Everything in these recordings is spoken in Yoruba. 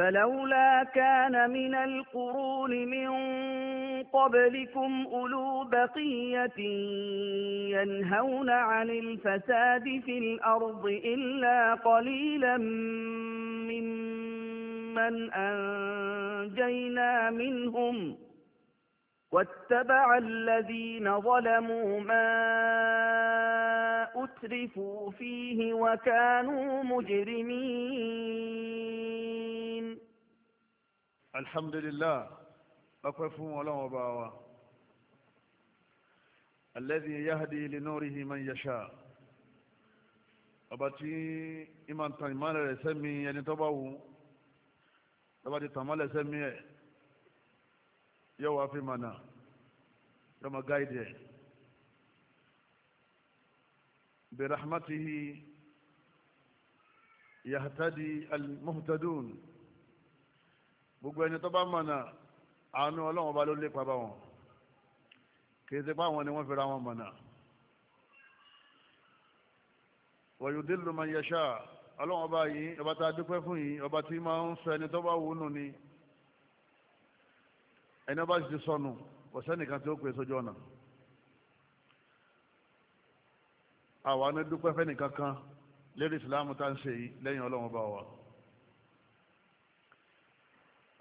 فلولا كان من القرون من قبلكم أولو بقية ينهون عن الفساد في الأرض إلا قليلا ممن أنجينا منهم واتبع الذين ظلموا ما أترفوا فيه وكانوا مجرمين alhamdulillah ọpẹ́ fún ọlọ́run ọba wa alladhi yahdi li nurihi man yasha ọba tí ìmọ̀ntàn ìmọ̀lẹ̀ rẹ̀ sẹ́mi ẹni tó bá wù lọ́ba ti tàn mọ́lẹ̀ sẹ́mi ẹ̀ yóò wá fi mànà yóò máa gáìdì ẹ̀ bi rahmatihi yahtadi al-muhtadun gbogbo ẹni tó bá mọ̀nà àánú ọlọ́run ọba ló lépa bá wọn kìí ṣe pé àwọn ni wọ́n fi ra wọn mọ̀nà wa yudillu man yasha ọlọ́run ọba yìí ọba tá a dúpẹ́ fún yìí ọba tí máa ń sọ ẹni tó bá wù nù ni ẹni ọba sì ti sọnù kò tí ó pè sójú ọ̀nà àwa ni dúpẹ́ fẹ́nìkan kan lérí ìsìlámù tá ń ṣe yìí lẹ́yìn ọlọ́run ọba wa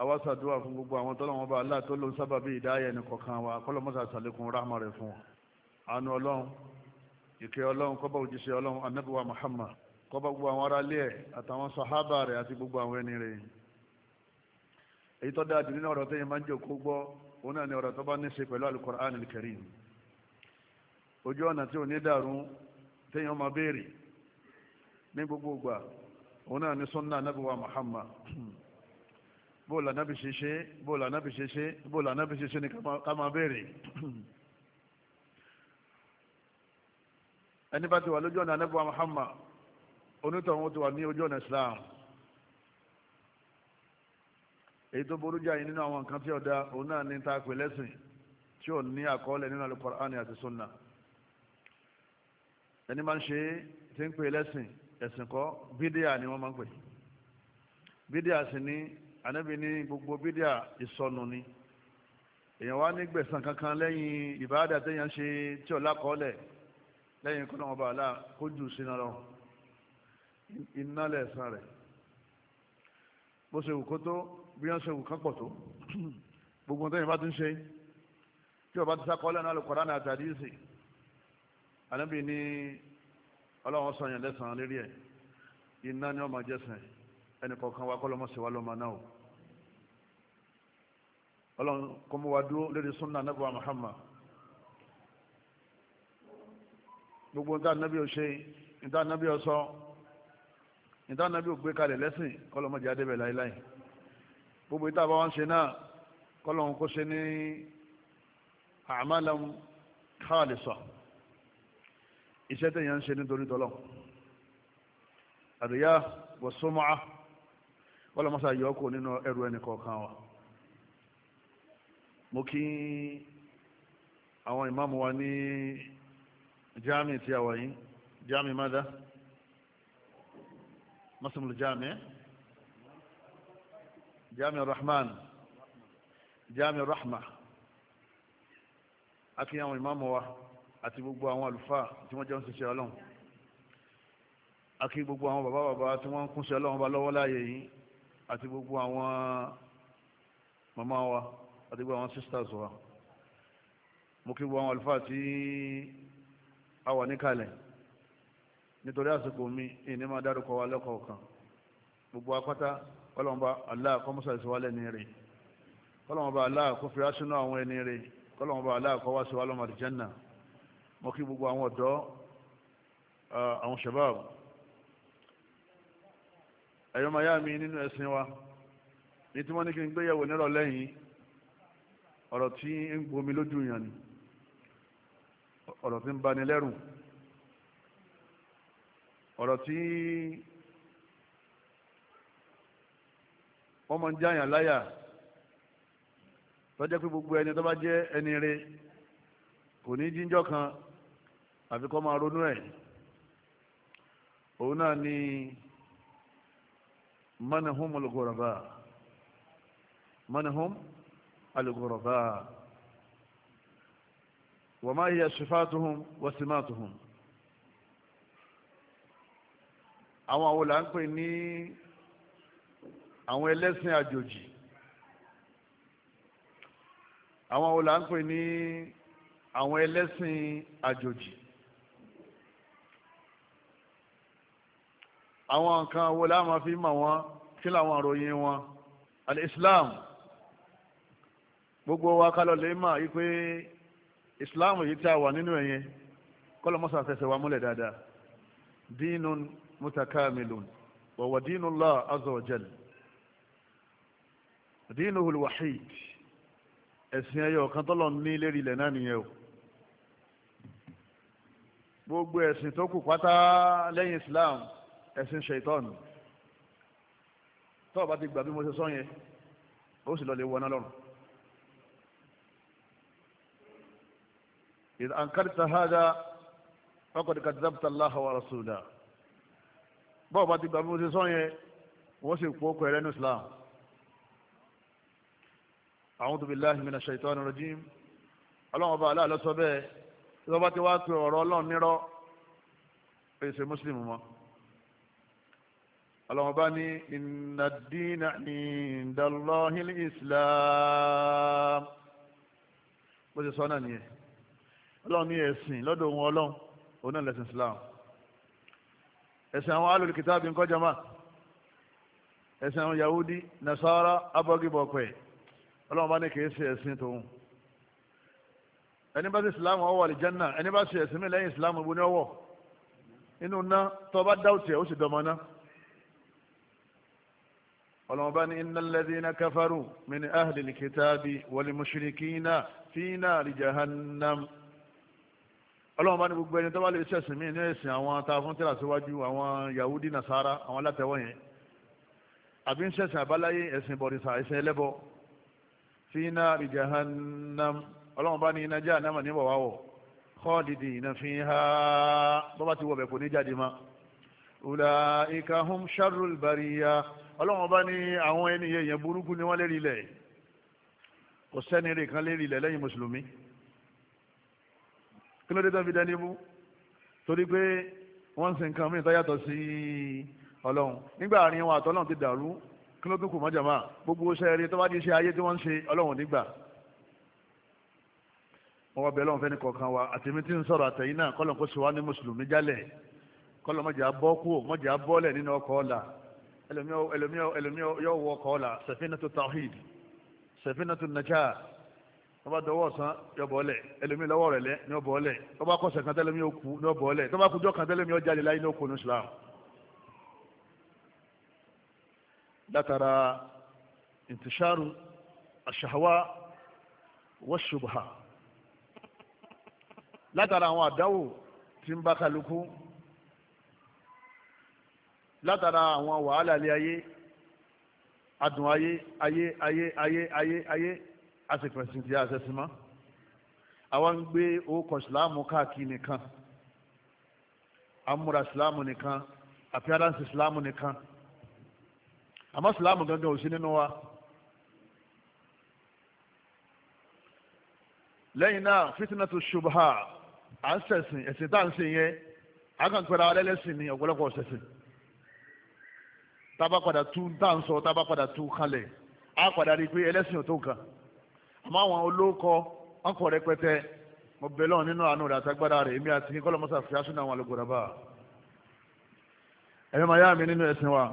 àwa ṣàdúrà fún gbogbo àwọn tọ́lọ̀ wọn bá Allah tó ló ń sábà bí ìdáyà ẹni kọ̀ọ̀kan wa kọ́lọ́ mọ́sà sàlékún ráhmà rẹ̀ fún wọn àánú ọlọ́run ìkẹ́ ọlọ́run kọ́bà òjíṣẹ́ ọlọ́run anábíwá Muhammad kọ́bà gbogbo àwọn ará ilé ẹ̀ àtàwọn sàhábà rẹ̀ àti gbogbo àwọn ẹni rẹ̀ èyí tó dáa dìní náà ni ọ̀rọ̀ tó bá ní ṣe pẹ̀lú Al-Qur'an al ni sunna anábíwá Muhammad bóòlù ànábì ṣe ṣe bóòlù ànábì ṣe ṣe bóòlù ànábì ṣe ni ká máa béèrè ẹni bá ti wà lójú ọ̀nà anábì Muhammad onítọ̀hún ti wà ní ojú ọ̀nà Islam èyí tó burú jáì nínú àwọn nǹkan tí ọ̀dà òun náà ní ta pè lẹ́sìn tí ò ní àkọọ́lẹ̀ nínú Al-Qur'ani àti sunna ẹni máa ń ṣe tí ń pè lẹ́sìn ẹ̀sìn kọ́ bídíà ni wọ́n máa ń pè bídíà sì ní ànábì ní gbogbo bidia ìsọnù ni èèyàn wá ní gbẹ̀sán kankan lẹ́yìn ìbáàdà téèyàn ṣe tí ọ̀la kọ́lẹ̀ lẹ́yìn kọ́nà ọba àlá kó jù sínú lọ iná lẹ̀sán rẹ̀ bó ṣe wù kó tó bí wọ́n ṣe wù kán pọ̀ tó gbogbo téèyàn bá tún ṣe tí ọba ti sákọ́lẹ̀ náà lè kọ́ra náà tàbí ìsìn ànábì ní ọlọ́run sọ̀yàn lẹ́sàn lérí ẹ̀ iná ni wọ́n jẹ́sàn ẹ̀ ẹnì kọ̀ọ̀kan wa kọ́lọ́mọ́ sí wa lọ́mọ náà ọlọ́run kó mú wa dúró lórí súnà nàbí wa Muhammad gbogbo níta nàbí ò ṣe níta nàbí ò sọ níta nàbí ò gbé kalẹ̀ lẹ́sìn kọ́lọ́mọ́ jẹ́ adébẹ̀ láéláé gbogbo níta bá wọn ṣe náà kọ́lọ́run kó ṣe ní àmàlàn khalisah iṣẹ́ tẹ̀yàn ń ṣe nítorí tọ́lọ́ àdúyá wọ́sọ́mọ́á ọlọ́mọsá yọ ọkọ̀ nínú ẹrù ẹnì kọ̀ọ̀kan wa mo kí àwọn ìmáàmù wa ní jami tí a wà yìí jami mada masimul jami jami rahman jami rahma àti àwọn ìmáàmù wa àti gbogbo àwọn àlùfáà tí wọ́n jẹ́ ń ṣiṣẹ́ ọlọ́run àti gbogbo àwọn bàbá bàbá tí wọ́n ń kúnṣẹ́ ọlọ́run bá lọ́wọ́ láàyè yìí àti gbogbo àwọn màmá wa àti gbogbo àwọn sisters wa mo kí gbogbo àwọn àlùfáà tí a wà níkàlẹ̀ nítorí àsìkò mi ìní máa dárúkọ wa lẹ́kọ̀ọ̀kan gbogbo apáta kọlọmọba Allah kó mọ́sá ìsọwálẹ̀ ní rè kọlọmọba Allah kó fi aṣínú àwọn ẹni rè kọlọmọba Allah kó wá sí wa lọ́mọ àdìjẹ́nà mo kí gbogbo àwọn ọ̀dọ́ àwọn shabab ẹ̀yọ́ máa yá mi nínú ẹ̀sìn wa ní tí wọ́n ní kí n gbéyàwó nírọ̀lẹ́ yìí ọ̀rọ̀ tí ń gbomi lójú yàn ni ọ̀rọ̀ tí ń bani lẹ́rù ọ̀rọ̀ tí wọ́n máa ń jáyàn láyà tọ́jẹ́ pé gbogbo ẹni tó bá jẹ́ ẹni rẹ kò ní jíjọ́ kan àfi máa ronú ẹ̀ òun náà ni. Ni من هم الغرباء؟ من هم الغرباء؟ وما هي صفاتهم وسماتهم؟ أما أولئك إني، أما أولئك إني، أما أولئك إني، wa simatuhum àwọn àwọn là ń pè ní àwọn ẹlẹ́sìn àjòjì àwọn àwọn là ní àwọn ẹlẹ́sìn àjòjì àwọn nǹkan wo la máa fi mọ̀ wọ́n kí wọn al-islam gbogbo wa kálọ̀ lè mà yí islam yìí tí a wà nínú ẹ̀yẹ kọ́lọ̀ fẹsẹ̀ wa múlẹ̀ dáadáa dinun mutaka wa huwa dinullah azza wa jal dinuhul wahid ẹ̀sìn ẹyọ kan tọ́lọ̀ ní lérí ilẹ̀ náà nìyẹn o gbogbo ẹ̀sìn islam ẹ̀sìn ṣètọ́nù tọ́ọ̀ bá ti gbà bí mo ṣe sọ ó sì lọ lè wọná lọ́rùn إذا أنكرت هذا فقد كذبت الله ورسوله bọ́ọ̀ bá ti gbà bí mo ṣe sọ yẹn wọ́n sì pọ̀ ọkọ̀ ẹ̀rẹ́ ní Islam A'udhu billahi minash shaitani rajim ọlọ́run ọba aláàlọ́sọ bẹ́ẹ̀ tí wọ́n bá ti wá pe ọ̀rọ̀ ọlọ́run nírọ́ èsè mọ́ ọlọ́wọ́n bá ní inna ad-dina inda Allahi al-Islam bó ti sọ náà nìyẹn ọlọ́run ní ẹ̀sìn lọ́dọ̀ òun ọlọ́run òun náà lẹ́sìn Islam ẹ̀sìn àwọn alul kitabi ńkọ́ jama ẹ̀sìn àwọn Yahudi Nasara abọ́gibọ̀pẹ̀ ọlọ́run bá ní kì í ṣe ẹ̀sìn tòun ẹni bá sí Islam ọwọ́ àlìjánná ẹni bá ṣe ẹ̀sìn mi lẹ́yìn Islam ìbú ọwọ́ inú ná tọ́ bá dáwùtì ẹ̀ ó sì dọ̀mọ́ náà ọlọ́wọ́n bá ní innal ladhina kafaru min ahli al-kitabi wal mushrikina fi nari jahannam ọlọ́wọ́n bá ní gbogbo ẹni tó bá lè ṣẹ̀sìn mí ní ẹ̀sìn àwọn ta fún tíra síwájú àwọn yahudi nasara àwọn alátẹ̀wọ̀ yẹn àbí ń ṣẹ̀sìn àbáláyé ẹ̀sìn bọ̀rìṣà ẹ̀sìn ẹlẹ́bọ fi nari jahannam ọlọ́wọ́n bá iná jẹ́ ànámà níbọ̀ wáwọ̀ wọ̀ bẹ̀ kò ní ọlọ́run ọba ní àwọn ẹni yẹn burúkú ni wọ́n lérí ilẹ̀ kò sẹ́ni rè kan lérí ilẹ̀ lẹ́yìn mùsùlùmí kí ló dé tán fi dání mú torí pé wọ́n ń sin nǹkan mìíràn tó sí ọlọ́run nígbà àárín wọn àtọ́lọ́run ti dàrú kí ló tún kù mọ́ jàmá gbogbo tó bá di iṣẹ́ ayé tí wọ́n ń ṣe ọlọ́run nígbà wọ́n wá bẹ̀ lọ́wọ́n fẹ́ni kọ̀ọ̀kan wa àtẹ̀mí tí ń sọ̀rọ̀ àtẹ̀yìn náà kọ́lọ̀ kó ṣe wá ní mùsùlùmí jálẹ̀ kọ́lọ̀ mọ̀jà bọ́ kú mọ̀jà bọ́lẹ̀ nínú ọkọ̀ ọ̀la ẹlòmí yóò wọ kọ́ọ̀là safinatu tawhid safinatu najah tó bá dọwọ́ san yọ bọ́ọ̀lẹ̀ ẹlòmí lọ́wọ́ rẹ̀ lẹ́ ní ọ bọ́ọ̀lẹ̀ tó bá kọsẹ̀ kan tẹ́lẹ̀mí ó kú ní ọ bọ́ọ̀lẹ̀ tó bá kújọ́ kan tẹ́lẹ̀mí ó jáde láyé ní okùn Islam látara intisharu ash-shahwa wash-shubha látara àwọn àdáwò tí ń bá kálukú látara àwọn wàhálà ilé ayé adùn ayé ayé ayé ayé ayé ayé a sì fẹ̀sìn tí a sẹ́sìn mọ́ àwọn ń gbé orúkọ ìsìláàmù káàkiri nìkan amúra ìsìláàmù nìkan appearance ìsìláàmù nìkan àmọ́ ìsìláàmù gangan ò sí nínú wa lẹ́yìn náà fitinatu shubha à ń sẹ̀sìn ẹ̀sìn tá à ń sìn yẹn a kàn pẹ̀lú àwọn ẹlẹ́sìn ní ọ̀pọ̀lọpọ̀ ọ̀sẹ̀sìn tába padà tú tá à ń sọ tába padà tú kalẹ̀ á padà rí i pé ẹlẹ́sìn ò tó nǹkan àmọ́ àwọn olóòkọ wọn kọ̀ rẹpẹtẹ mo bẹ̀ lọ́wọ́ nínú àánú rẹ̀ àtagbára rẹ̀ èmi àti kọ́lọ́ mọ́sá fi aṣọ àwọn alùpùpù rẹ̀ ẹ̀mí máa yá mi nínú ẹ̀sìn wa.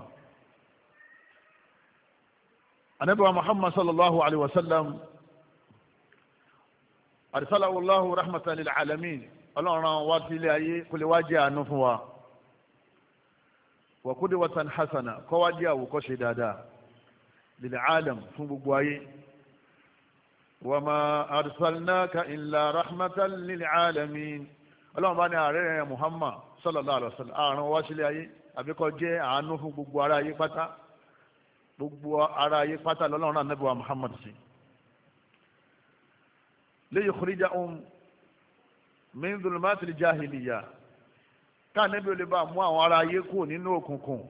anabiwa muhammad sallallahu alaihi wa sallam arisalahu rahmatan alamin ọlọ́run wa ilé ayé kò lè wá jẹ́ fún wa wàkúndé watan hasana kọ́wá jẹ́ àwòkọ́ṣe dáadáa lílẹ̀ alam fún gbogbo ayé wa ma arsalnaka illa rahmatan lil alamin ọlọ́run bá ní ààrẹ rẹ̀ muhammad sallallahu alaihi wasallam àrùn wá sílé ayé àbíkọ́ jẹ́ àánú fún gbogbo ara ayé pátá gbogbo ara ayé pátá lọ́lọ́run náà nẹ́bùwà muhammad sí li yukhrijahum min dhulumatil jahiliyyah káànẹ́bí olè bá mú àwọn ará ayé kù nínú òkùnkùn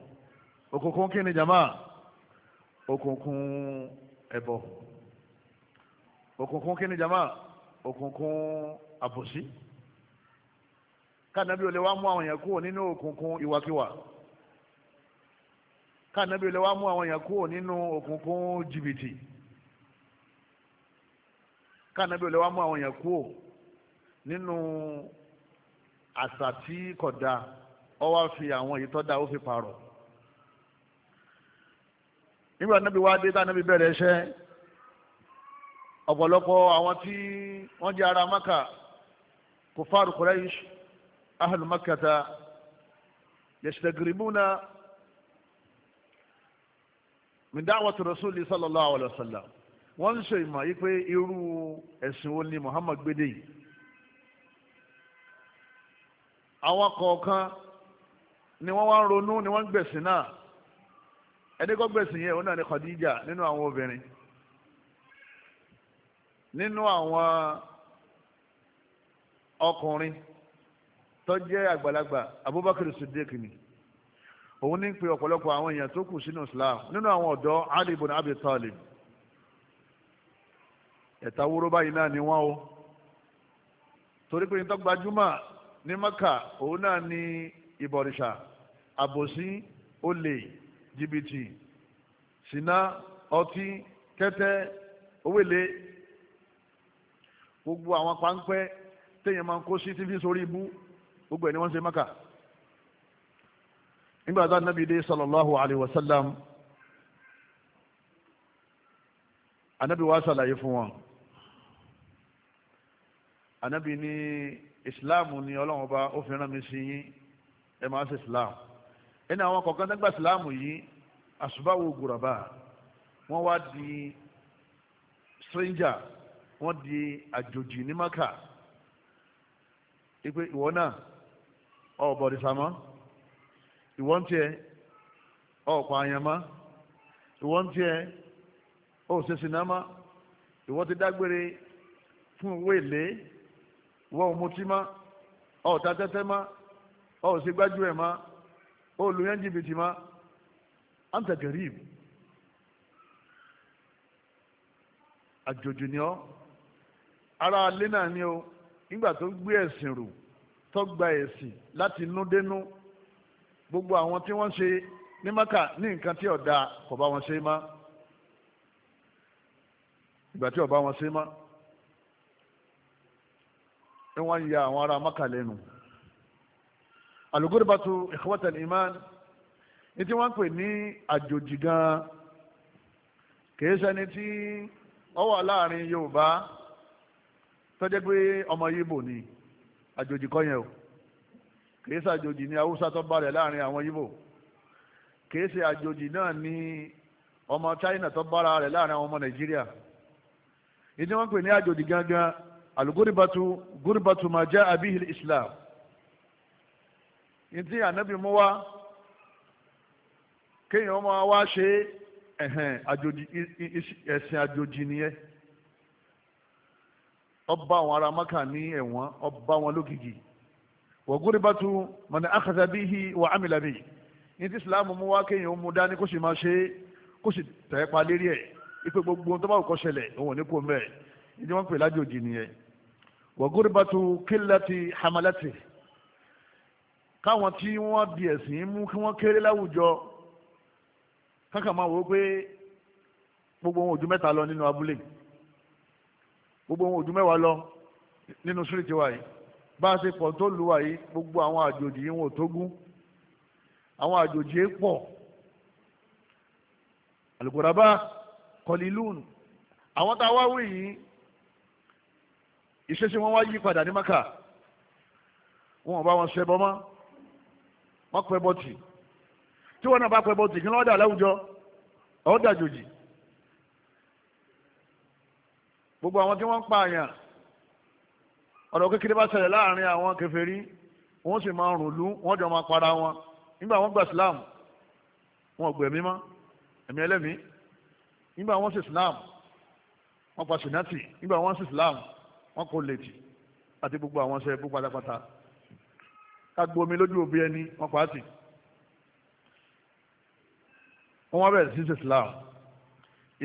òkùnkùn kí ni jama òkùnkùn ẹbọ òkùnkùn kí ni jama òkùnkùn àbòsí káànẹ́bí olè wá mú àwọn èèyàn kù nínú òkùnkùn ìwàkiwà káànẹ́bí olè wá mú àwọn èèyàn kù nínú òkùnkùn jìbìtì káànẹ́bí olè wá mú àwọn èèyàn kù nínú àṣà tí kò dáa ó wá fi àwọn èyí tó dáa ó fi pààrọ̀ nígbà nábì wá dé tánábì bẹ̀rẹ̀ iṣẹ́ ọ̀pọ̀lọpọ̀ àwọn tí wọ́n jẹ́ ara maka kufaru Quraysh ahlu makata yastagrimuna min da'wati rasuli sallallahu alaihi wasallam wọ́n ń ṣe ìmọ̀ yí pé irú ẹ̀sìn wo ni Muhammad gbé dé yìí àwọn kọ̀ọ̀kan ni wọ́n wá ń ronú ni wọ́n ń gbẹ̀sìn náà ẹni kọ́ gbẹ̀sìn yẹn òun náà ni Khadija nínú àwọn obìnrin nínú àwọn ọkùnrin tó jẹ́ àgbàlagbà Abubakar Siddiq ni òun ní pe ọ̀pọ̀lọpọ̀ àwọn èèyàn tó kù sínú Islam nínú àwọn ọ̀dọ́ Ali ibn Abi Talib ẹ̀ta wúrú báyìí náà ni wọ́n o torí pé ní gbajúmọ̀ ní maka òun náà ní ìbọ̀rìṣà àbòsí olè jìbìtì ṣìnà ọtí tẹ́tẹ́ owó èlé gbogbo àwọn páńpẹ́ téèyàn máa ń kó sí tí fi sórí ibú gbogbo ẹ̀ ni wọ́n ṣe maka nígbà tá nàbí dé sallallahu alayhi wa sallam anabi wa ṣàlàyé fún wọn anabi ni islam ni ọlọ́run ọba ó fi rán mi sí yín ẹ máa ṣe islam ẹni àwọn kọ̀ọ̀kan nígbà islam yìí àṣùbáwò gùràbà wọ́n wá di stranger wọ́n di àjòjì ní maka ipe ìwọ náà ọ̀bọ̀dìsàmọ́ ìwọ ń tiẹ̀ ọ̀pọ̀ àyànmá ìwọ ń tiẹ̀ ọ̀sẹ̀sìnàmá ìwọ ti dágbére fún owó èlé wọ́n ò mutí má ọ̀ ta tẹ́tẹ́ má ọ̀ ò ṣe gbájú ẹ̀ má ọ̀ ò lu yẹn jìbìtì má anta garib àjòjì ni ọ́ ara alẹ́ náà ni o nígbà tó gbé ẹ̀sìn rò tó gba ẹ̀sìn láti inú dénú gbogbo àwọn tí wọ́n ṣe ní maka ní nǹkan tí ọ̀dà kò bá wọn ṣe má ìgbà tí ọ̀bá wọn ṣe má ni wọ́n ya àwọn ará maka lẹ́nu alugurubatu ikhwata iman ní tí wọ́n ń pè ní àjòjì gan kìí ṣẹni tí ó wà láàrin yorùbá tọ́jẹ́ pé ọmọ yíbò ni àjòjì kọ́ yẹn o kìí ṣe àjòjì ni haúsá tó bá rẹ̀ láàrin àwọn yíbò kìí ṣe àjòjì náà ní ọmọ china tó bára rẹ̀ láàrin àwọn ọmọ nàìjíríà ìdí wọ́n pè ní àjòjì gangan aluguribatu guribatu ma jẹ́ abihil islam ní tí ànábì mú wá kéèyàn máa wá ṣe ẹ̀sìn àjòjì nìyẹn ọba àwọn ará maka ní ẹ̀wọ̀n ọba wọn lókìkì wọ̀gúrìbátú mọ̀nà àkàtà bí i wà ámìlà bí ní tí islam mú wá kéèyàn mú dání kó sì máa ṣe kó sì tẹ̀ pa lérí ẹ̀ ipe gbogbo tó bá kọ́ ṣẹlẹ̀ òun ò ní kó mẹ́ẹ̀ ní wọ́n pè lájòjì nìyẹn wàgùrìbàtú kílẹ̀tì hamalẹ́tì káwọn tí wọ́n di ẹ̀sìn mú kí wọ́n kéré láwùjọ kákan máa wò ó pé gbogbo wọn ò ju mẹ́ta lọ nínú abúlé gbogbo wọn ò ju mẹ́wàá lọ nínú síríìtì wa yìí bá a ṣe pọ̀ tó lù wá yìí gbogbo àwọn àjòjì yìí wọn ò tógún àwọn àjòjì yìí pọ̀ àlùkòràbá kọlílùn àwọn tá a wá wí yìí ìṣesí wọn wá yí padà ní maka wọn bá wọn ṣẹbọ mọ́ wọn pẹ bọtì tí wọn náà bá pẹ bọtì kí wọn dà láwùjọ ọ dàjòjì gbogbo àwọn tí wọn ń pa àyàn ọ̀rọ̀ kékeré bá ṣẹlẹ̀ láàrin àwọn kèfèrí wọ́n sì máa rùn lú wọ́n jọ máa para wọn nígbà wọ́n gba islam wọn gbọ́ ẹ̀mí mọ́ ẹ̀mí ẹlẹ́mìí nígbà wọ́n sì islam wọ́n pa sinati nígbà wọ́n sì islam wọ́n kò lètì àti gbogbo àwọn ṣe gbogbo alápàtà kágbó omi lójú òbí ẹni wọ́n pa á tì wọ́n wá bẹ̀rẹ̀ sí islam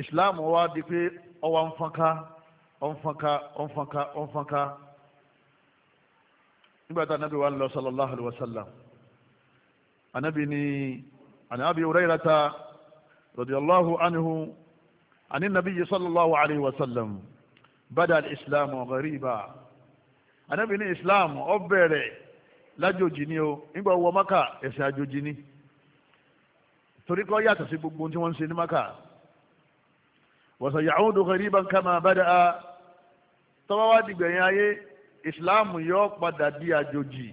islam wá di pé ọwọ́ ń fọ́nká ó ń fọ́nká ó ń fọ́nká ó ń fọ́nká nígbà tá anábì wa ń lọ sallallahu alayhi wa sallam anábì ni anábì Hurayrata radiyallahu anhu ani nabiyyi sallallahu alayhi wa sallam bada islam ghariba anábì ní islam ó bẹ̀rẹ̀ lájòjì ni o nígbà wọ maka ẹ̀sìn àjòjì ni torí kọ́ yàtọ̀ sí gbogbo tí wọ́n ń ṣe ní maka wa sayaudu ghariban kama bada tọ́wọ́ wá dìgbẹ̀yìn ayé islam yóò padà di àjòjì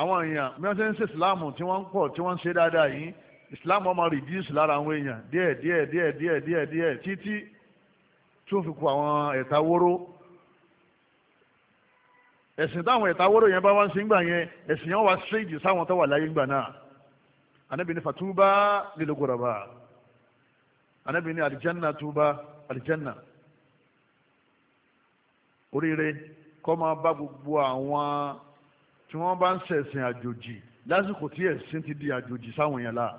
àwọn èèyàn bí wọ́n ṣe ń ṣe islam tí wọ́n ń pọ̀ tí wọ́n ń ṣe dáadáa yìí islam ọmọ reduce lára àwọn èèyàn díẹ̀ díẹ̀ díẹ̀ díẹ̀ díẹ̀ títí tí ó fi ku àwọn ẹ̀ta wóró ẹ̀sìn táwọn ẹ̀ta wóró yẹn bá wá ń sin gbà yẹn ẹ̀sìn yẹn wá ṣéèjì sáwọn tó wà láyé gbà náà anábì fatuba lílo gòràbà anábì ní alijanna tuba alijanna oríire kọ́ máa bá gbogbo àwọn tí wọ́n bá ń ṣẹ̀sìn àjòjì lásìkò tí ẹ̀sìn ti di àjòjì sáwọn yẹn láà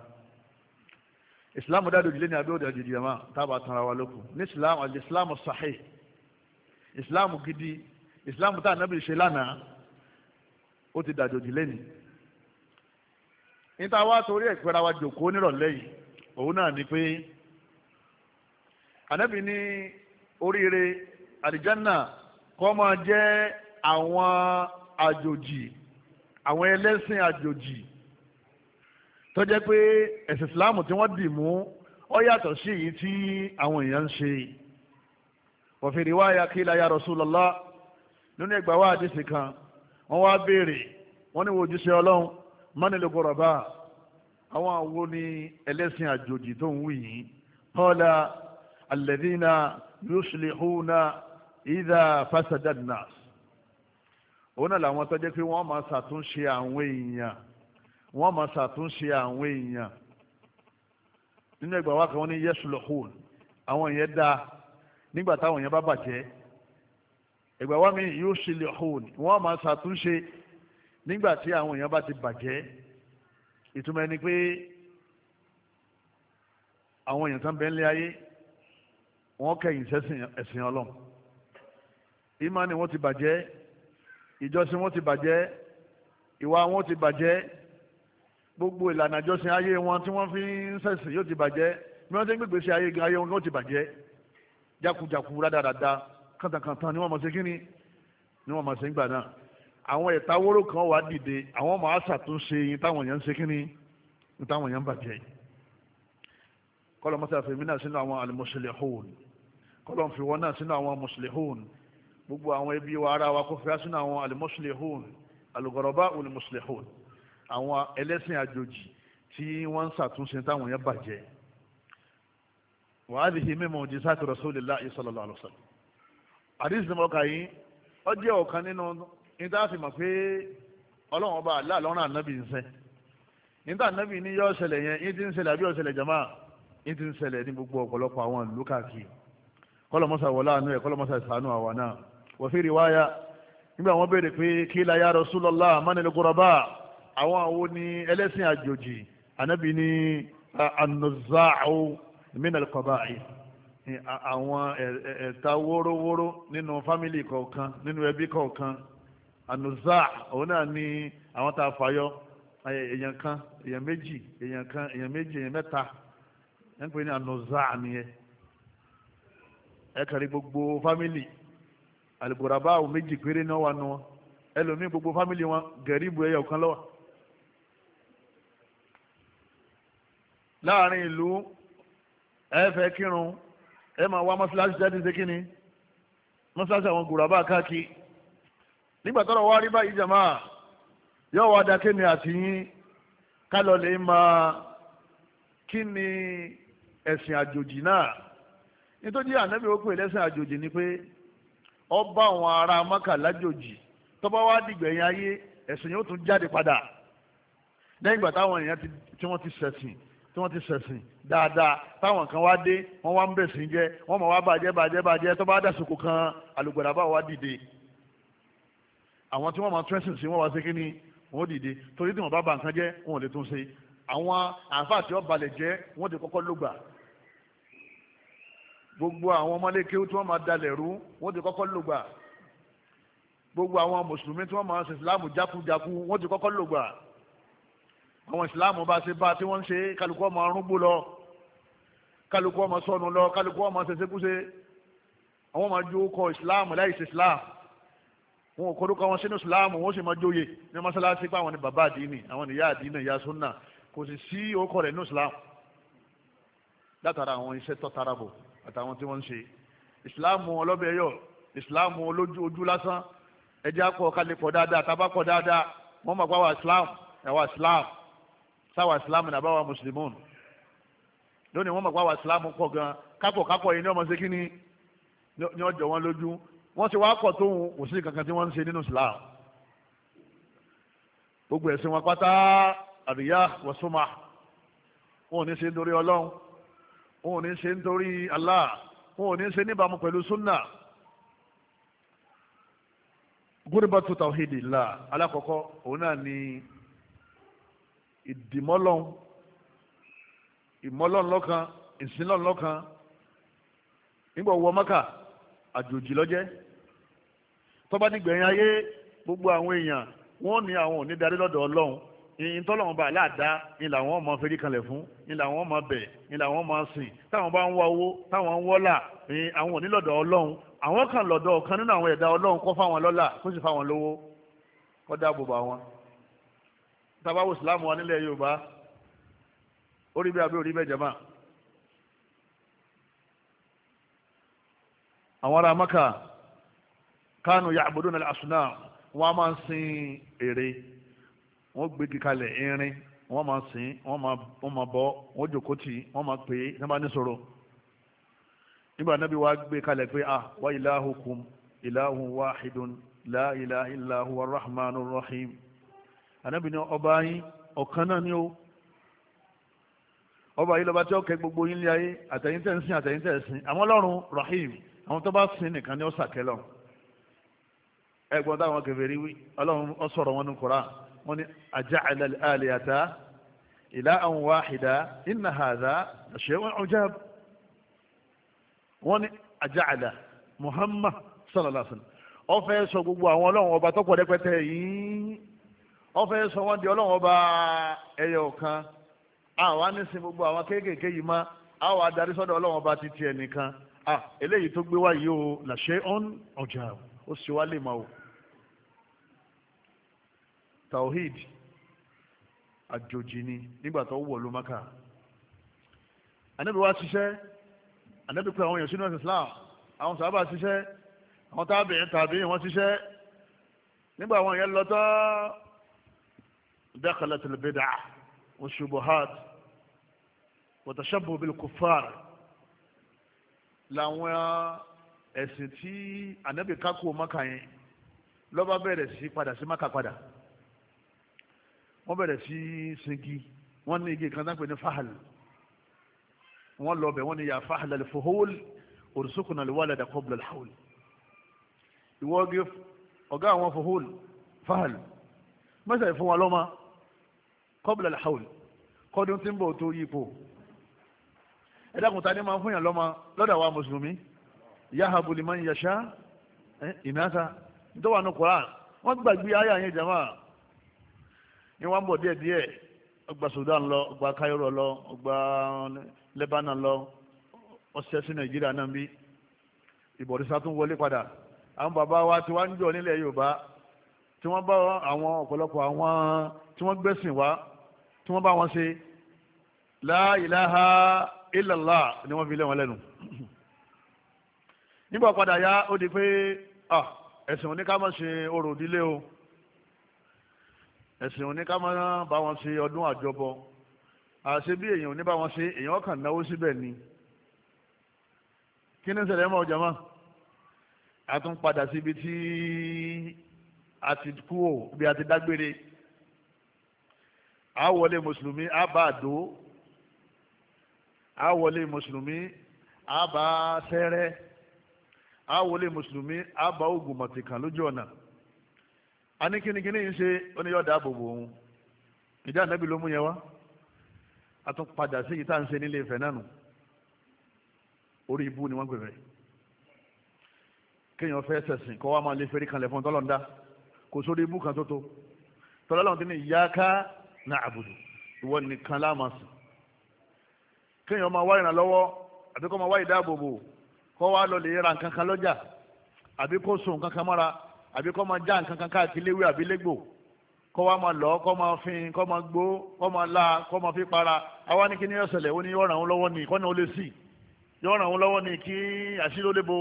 islam dá dojúlé ní abẹ́ òde àjèjì yàmá tábà tanra wa lóko ní islam àti islam sahih islam gidi islam tá ànábì ṣe lánàá ó ti dà dojúlé ní. níta wá torí ẹ̀pẹ́ra wa jòkó nírọ̀lẹ́ yìí òun náà ni pé ànábì ní oríire àlìjánà kọ́ máa jẹ́ àwọn àjòjì àwọn ẹlẹ́sìn àjòjì tó jẹ́ pé ẹ̀sìn islam tí wọ́n dì mú ó yàtọ̀ sí èyí tí àwọn èèyàn ń ṣe wa fi riwaya qila ya Rasulullah nínú ìgbà wa àdìsí kan wọ́n wá béèrè wọ́n ní ojúṣe ọlọ́run mánilẹ̀ àwọn àwo ni ẹlẹ́sìn àjòjì tó ń wù yìí qala alladhina yuslihuna idha fasada òun náà làwọn tó pé wọ́n máa ṣàtúnṣe àwọn èèyàn wọ́n máa ṣàtúnṣe àwọn èèyàn nínú ẹgbà wa kan wọ́n ní yẹ́sùlọ́hùn àwọn èèyàn dáa nígbà táwọn èèyàn bá bàjẹ́ ẹgbà wa mi yóò ṣe lọ́hùn wọ́n máa ṣàtúnṣe nígbà tí àwọn èèyàn bá ti bàjẹ́ ìtumọ̀ ẹni pé àwọn èèyàn tán bẹ́ẹ̀ lé ayé wọ́n kẹ̀yìn sẹ́sìn ẹ̀sìn ọlọ́run ìmánì wọn ti bàjẹ́ ìjọsìn wọn ti bàjẹ́ ìwà wọn ti bàjẹ́ gbogbo ìlànà àjọsìn ayé wọn tí wọ́n fi ń ṣẹ̀sìn yóò ti bàjẹ́ bí wọ́n ti ń gbègbè sí ayé gan ayé wọn yóò ti bàjẹ́ jákujàku rádaràda kàntàkàntà ni wọ́n mọ̀ sí kíni ni wọ́n mọ̀ sí gbà náà àwọn ìtawóró kan wà dìde àwọn máa ṣàtúnṣe yín táwọn èèyàn ń ṣe kíni táwọn èèyàn ń bàjẹ́ kọlọmọsí àfẹmí náà sínú àwọn alimusulihun kọlọm fi wọn náà sínú àwọn musulihun gbogbo àwọn ẹbí wa ara wa kó fi sínú àwọn alimusulihun alugọrọba olùmusulihun. àwọn ẹlẹ́sìn àjòjì tí wọ́n ń ṣàtúnṣe táwọn yẹn bàjẹ́ wàhálì yìí mímọ òjì sáàtì rasulillah sallallahu alaihi wasallam àdìsí ni mo kà yín ó jẹ́ ọ̀kan nínú ní fi mọ̀ pé ọlọ́run ọba àlá lọ́rùn ànábì ń sẹ́ ní ànábì ní yọ yẹn ní ti ń ṣẹlẹ̀ àbí ọ̀ṣẹ̀lẹ̀ jama ti ń ṣẹlẹ̀ ní gbogbo ọ̀pọ̀lọpọ̀ àwọn ìlú káàkiri kọlọmọsà àánú ẹ kọlọmọsà náà wọ́n fi rí wáyà nígbà béèrè pé kí àwọn àwo ni ẹlẹ́sìn àjòjì ànábì ní anuzaa'u min al-qaba'i àwọn ẹ̀ta wórówóró nínú fámìlì kọ̀ọ̀kan nínú ẹbí kọ̀ọ̀kan anuzaa'u òun náà ni àwọn tá a fàyọ èèyàn kan èèyàn méjì èèyàn kan èèyàn méjì èèyàn mẹ́ta ẹ̀ ń pè ní anuzaa'u nìyẹn ẹ kàrí gbogbo fámìlì àlùbọ̀ràbáwò méjì péré náà wà nù wọn ẹlòmíì gbogbo fámìlì wọn gẹ̀rí ìbú ẹyọ lọ́wọ́ láàrin ìlú ẹ fẹ́ kírun ẹ máa wá mọ́ṣáláṣí jáde ṣe kíni mọ́ṣáláṣí àwọn gùràbá káàkiri nígbà tọrọ wá rí báyìí jàmá yóò wá dáké mi àti yín ká lọ lè máa kí ni ẹ̀sìn àjòjì náà nítorí ànábì ó pè lẹ́sìn àjòjì ni pé ọba àwọn ará maka lájòjì tọ́ba wá dìgbẹ̀yìn ayé ẹ̀sìn yóò tún jáde padà lẹ́yìn ìgbà táwọn èèyàn tí wọ́n ti ṣẹ̀sìn tí wọ́n ti ṣẹ̀sìn dáadáa táwọn kan wá dé wọ́n wá ń bẹ̀sìn jẹ́ wọ́n mọ̀ wá bàjẹ́ bàjẹ́ bàjẹ́ tó bá dàsìkò kan àlùgbàdà bá wá dìde àwọn tí wọ́n máa tẹ́sìn sí wọ́n wá sí kí ni wọ́n dìde torí tí wọ́n bá ba nǹkan jẹ́ wọn ò lè tún ṣe àwọn àáfàá tí wọ́n balẹ̀ jẹ́ wọ́n ti kọ́kọ́ lògbà gbogbo àwọn ọmọléke tí wọ́n máa dalẹ̀ rú wọ́n ti kọ́kọ́ lògbà gbogbo àwọn mùsùlùmí tí wọ́n máa ṣe ìsìláàmù jákujàku wọ́n ti kọ́kọ́ lògbà àwọn ìsìláàmù bá ṣe bá tí wọ́n ń ṣe kálukú ọmọ arúgbó lọ kálukú ọmọ sọnù lọ kálukú ọmọ ṣẹṣẹkúṣe àwọn máa jó kọ ìsìláàmù láì ṣe ìsìláàmù wọn ò kọ́dúkọ wọn sínú ìsìláàmù wọn sì máa jóye ní mọ́ṣáláṣí pé àwọn ni bàbá àdínì àwọn ni ìyá àdínì ìyá súnà kò sì sí orúkọ rẹ̀ nínú ìsìláàmù látara àwọn iṣẹ́ tọ́tarabò àtàwọn tí wọ́n ń ṣe ìsìláàmù ọlọ́bẹ̀ yọ ìsìláàmù olójú ojú lásán ẹjẹ́ akọ kálípọ̀ dáadáa tabakọ̀ dáadáa wọ́n mọ̀ pé àwọn ìsìláàmù ẹ̀wọ̀ ìsìláàmù sáwà islam ní àbáwá mùsùlùmùn lónìí wọ́n mọ̀ pé àwa islam pọ̀ gan kápọ̀ kápọ̀ yìí ní ọmọ ṣe kíni ní ọjọ́ wọn lójú wọ́n ti wá pọ̀ tóun kò sí kankan tí wọ́n ń ṣe nínú islam gbogbo ẹ̀sìn wọn pátá àríyá wọ̀sùnmá wọn ò ní ṣe nítorí ọlọ́run wọn ò ní ṣe nítorí Allah wọn ò ní ṣe níbàámu pẹ̀lú sunna gúrúbàtú tawhidillah alákọ̀ọ́kọ́ òun náà ni ìdìmọ́lọ́n ìmọ́lọ́n lọ́kan ìsinlọ́n lọ́kan nígbà wọ mọ́kà àjòjì lọ́jẹ́ tọ́ba nígbẹ̀yìn ayé gbogbo àwọn èèyàn wọ́n ní àwọn òní darí lọ́dọ̀ ọlọ́run ìyìn tọ́lọ́run bá aláàdá ni làwọn ọmọ fẹ́rí kalẹ̀ fún ni làwọn ọmọ bẹ̀ ni làwọn ọmọ sìn táwọn bá ń wá owó táwọn ń wọ́là ni àwọn òní lọ́dọ̀ ọlọ́run àwọn kan lọ́dọ̀ ọ̀kan nínú àwọn ẹ̀dá ọlọ́run kọ́ fáwọn lọ́là kó sì fáwọn lówó kọ́ dáàbò bá wọn tabawo ìsìláàmù wa nílẹ̀ yorùbá ó rí bẹ́ẹ̀ àbí ó rí bẹ́ẹ̀ jama àwọn ará maka kánú ya'buduna al-asnam wọ́n máa ń sin ère wọ́n gbégi kalẹ̀ irin wọ́n máa sin wọ́n máa bọ́ wọ́n jòkó tì wọ́n máa pè é ní bá ní nígbà nábì wá gbé kalẹ̀ pé ah wa ilahukum ilahun wahidun la ilaha illa huwa rahmanur rahim. ànábì ní ọba yín ọ̀kan náà ni ó ọba yìí lọ́ba tí ó gbogbo yín lé ayé àtẹ̀yìn tẹ̀ ń sìn àtẹ̀yìn tẹ̀ ń sìn àwọn rahim àwọn tó bá sìn nìkan ni ó sàkẹ́ lọ ẹgbọ́n táwọn kèfèrí wí ọlọ́run ó sọ̀rọ̀ wọn wọn ni wahida Muhammad sallallahu fẹ́ sọ gbogbo àwọn ọlọ́run ọba ọfẹ sọ wọn di Ọlọ́run ọba ẹyọ kan àwa nísìn gbogbo àwọn kéékèèké yìí má àwa adarí sọ́dọ̀ Ọlọ́run ọba ti tiẹ̀ nìkan ah eléyìí tó gbé wá yìí o làṣẹ ọ̀n ọjà ó sì wá lè máa o tawhid àjòjì ni nígbà tó wọ̀ ló maka anabi wa ṣiṣẹ́ anabi pé àwọn èèyàn sínú ẹ̀sìn Islam àwọn sábà ṣiṣẹ́ àwọn tábìrin tàbí wọn ṣiṣẹ́ nígbà àwọn èèyàn lọ tán. دخلت البدع والشبهات وتشبه بالكفار làwọn ẹ̀sìn tí ànábì kákó maka yẹn lọ́ba bẹ̀rẹ̀ sí padà sí maka padà wọ́n bẹ̀rẹ̀ sí singi wọ́n ní igi kan náà pè ní fahal wọ́n lọ bẹ̀ wọ́n ní ya fahal alifohol orisokun aliwala da kọbla alhawul ìwọ́gi ọ̀gá àwọn fohol fahal mẹ́sàn-án fún kọ́bùlà làhàwùl kọ́dún tí ń bọ̀ tó yípo ẹ ta ni máa fún yàn lọ́mọ lọ́dọ̀ wa mùsùlùmí yahabu liman yasha ìnáta nítorí wà ní gbàgbé ayé jama ni wọ́n ń bọ̀ díẹ̀díẹ̀ ọgbà Sudan lọ ọgbà Cairo lọ ọgbà Lebanon lọ ọsẹ sí Nàìjíríà náà bí ìbọ̀dísá tún wọlé padà àwọn bàbá wa tí wọ́n ń jọ nílẹ̀ Yorùbá tí tí wọ́n bá wọn ṣe la ilaha illallah ni wọ́n fi lé wọn lẹ́nu nígbà padà yá ó di pé ẹ̀sìn òní ṣe orò ìdílé o ẹ̀sìn òní ká má bá wọn ṣe ọdún àjọbọ àṣe bí èèyàn òní bá wọn ṣe èèyàn kàn náwó síbẹ̀ ni kí ni ṣẹlẹ̀ mọ́ ọjà mọ́ a tún padà síbi tí a ti kú o bí a ti dágbére a wọlé mùsùlùmí a bá àdó a wọlé mùsùlùmí a bá sẹ́rẹ́ a wọlé mùsùlùmí a bá ogun mọ̀tìkàn lójú ọ̀nà a ní kínníkínní yìí ń ṣe ó ní yọ̀dà àbòbò òun ìjà ànábì ló mú yẹn wá a tún padà sí yìí tá à ń ṣe nílé Ifẹ̀ náà nù orí ibú ni wọ́n gbèrè kéèyàn fẹ́ sẹ̀sìn kọ́ wa máa lè fẹ́rí kanlẹ̀ fún tọ́lọ́ńdá kò sórí ibú kan tó tó tọ́lọ́lọ́run ti ní ìyá ká na'budu ìwọ nìkan láàmà sùn kéèyàn máa wá ìrànlọ́wọ́ àbí kó máa wá ìdáàbòbò kó wá lọ lè ra nǹkan kan lọ́jà àbí kó so nǹkan kan mọ́ra àbí kó máa já nǹkan kan káàkiri léwé àbí légbò kó wá máa lọ kó máa fin kó máa gbó kó máa la kó máa fi para àwa ní kí ni yóò ó ní yóò ràn án lọ́wọ́ ní ìkọ́ni ó lè sí yóò ràn án lọ́wọ́ ní kí àṣírí ó lè bo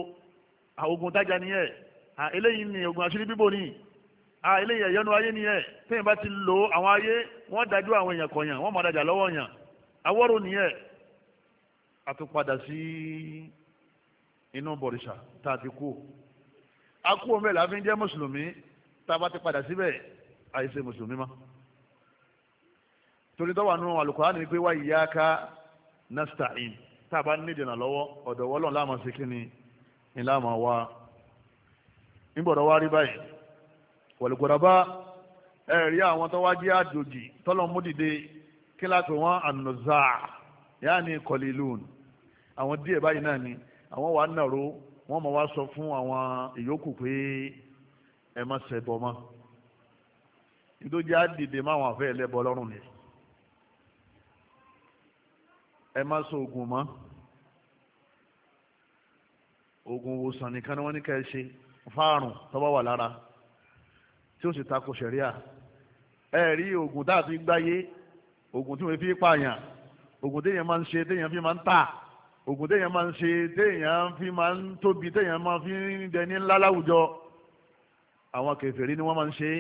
ogun tájà nìyẹn eléyìí ni ogun àṣírí bíbò nìyí a eléyìí ẹ̀yọ́nu ayé nìyẹn téèyàn bá ti lo àwọn ayé wọ́n dájú àwọn èèyàn kọ̀ọ̀yàn wọ́n máa dájà lọ́wọ́ yàn awọ́rò nìyẹn sí inú bọ̀rìṣà a ti kú a kú omi ẹ̀ láfi ń jẹ́ mùsùlùmí a bá ti padà síbẹ̀ àìsè mùsùlùmí mọ́ torí dọ́wà nù Al-Qur'an pé in tá a bá ní ìdènà lọ́wọ́ ọ̀dọ̀ wọ́lọ́ ńlá máa ṣe ńlá máa wá wá rí báyìí. wọ̀lùgbọ̀dọ̀bá ẹ̀rí àwọn tó wá jẹ́ àjòjì tọ́lọ̀ mú dìde kí láti wọ́n ànùzà yáàní kọlìlún àwọn díẹ̀ báyìí náà ni àwọn wà nàró wọ́n mọ̀ wá sọ fún àwọn ìyókù pé ẹ má ṣẹbọ mọ́ nítorí jẹ́ àdìde máwọn àfẹ́ ẹlẹ́bọ lọ́rùn ni ẹ má sọ oògùn mọ́ oògùn òwòsàn nìkan ni wọ́n ní ká ẹ ṣe fáàrùn tó bá wà lára tí ó sì tako ṣẹ̀ríà ẹ rí oògùn tá a fi gbáyé oògùn tí wọ́n fi pààyàn oògùn téèyàn máa ń ṣe téèyàn fi máa ń tà oògùn téèyàn máa ń ṣe téèyàn fi máa ń tóbi téèyàn máa fi ń dẹni ńlá láwùjọ àwọn kèfèrí ni wọ́n máa ń ṣe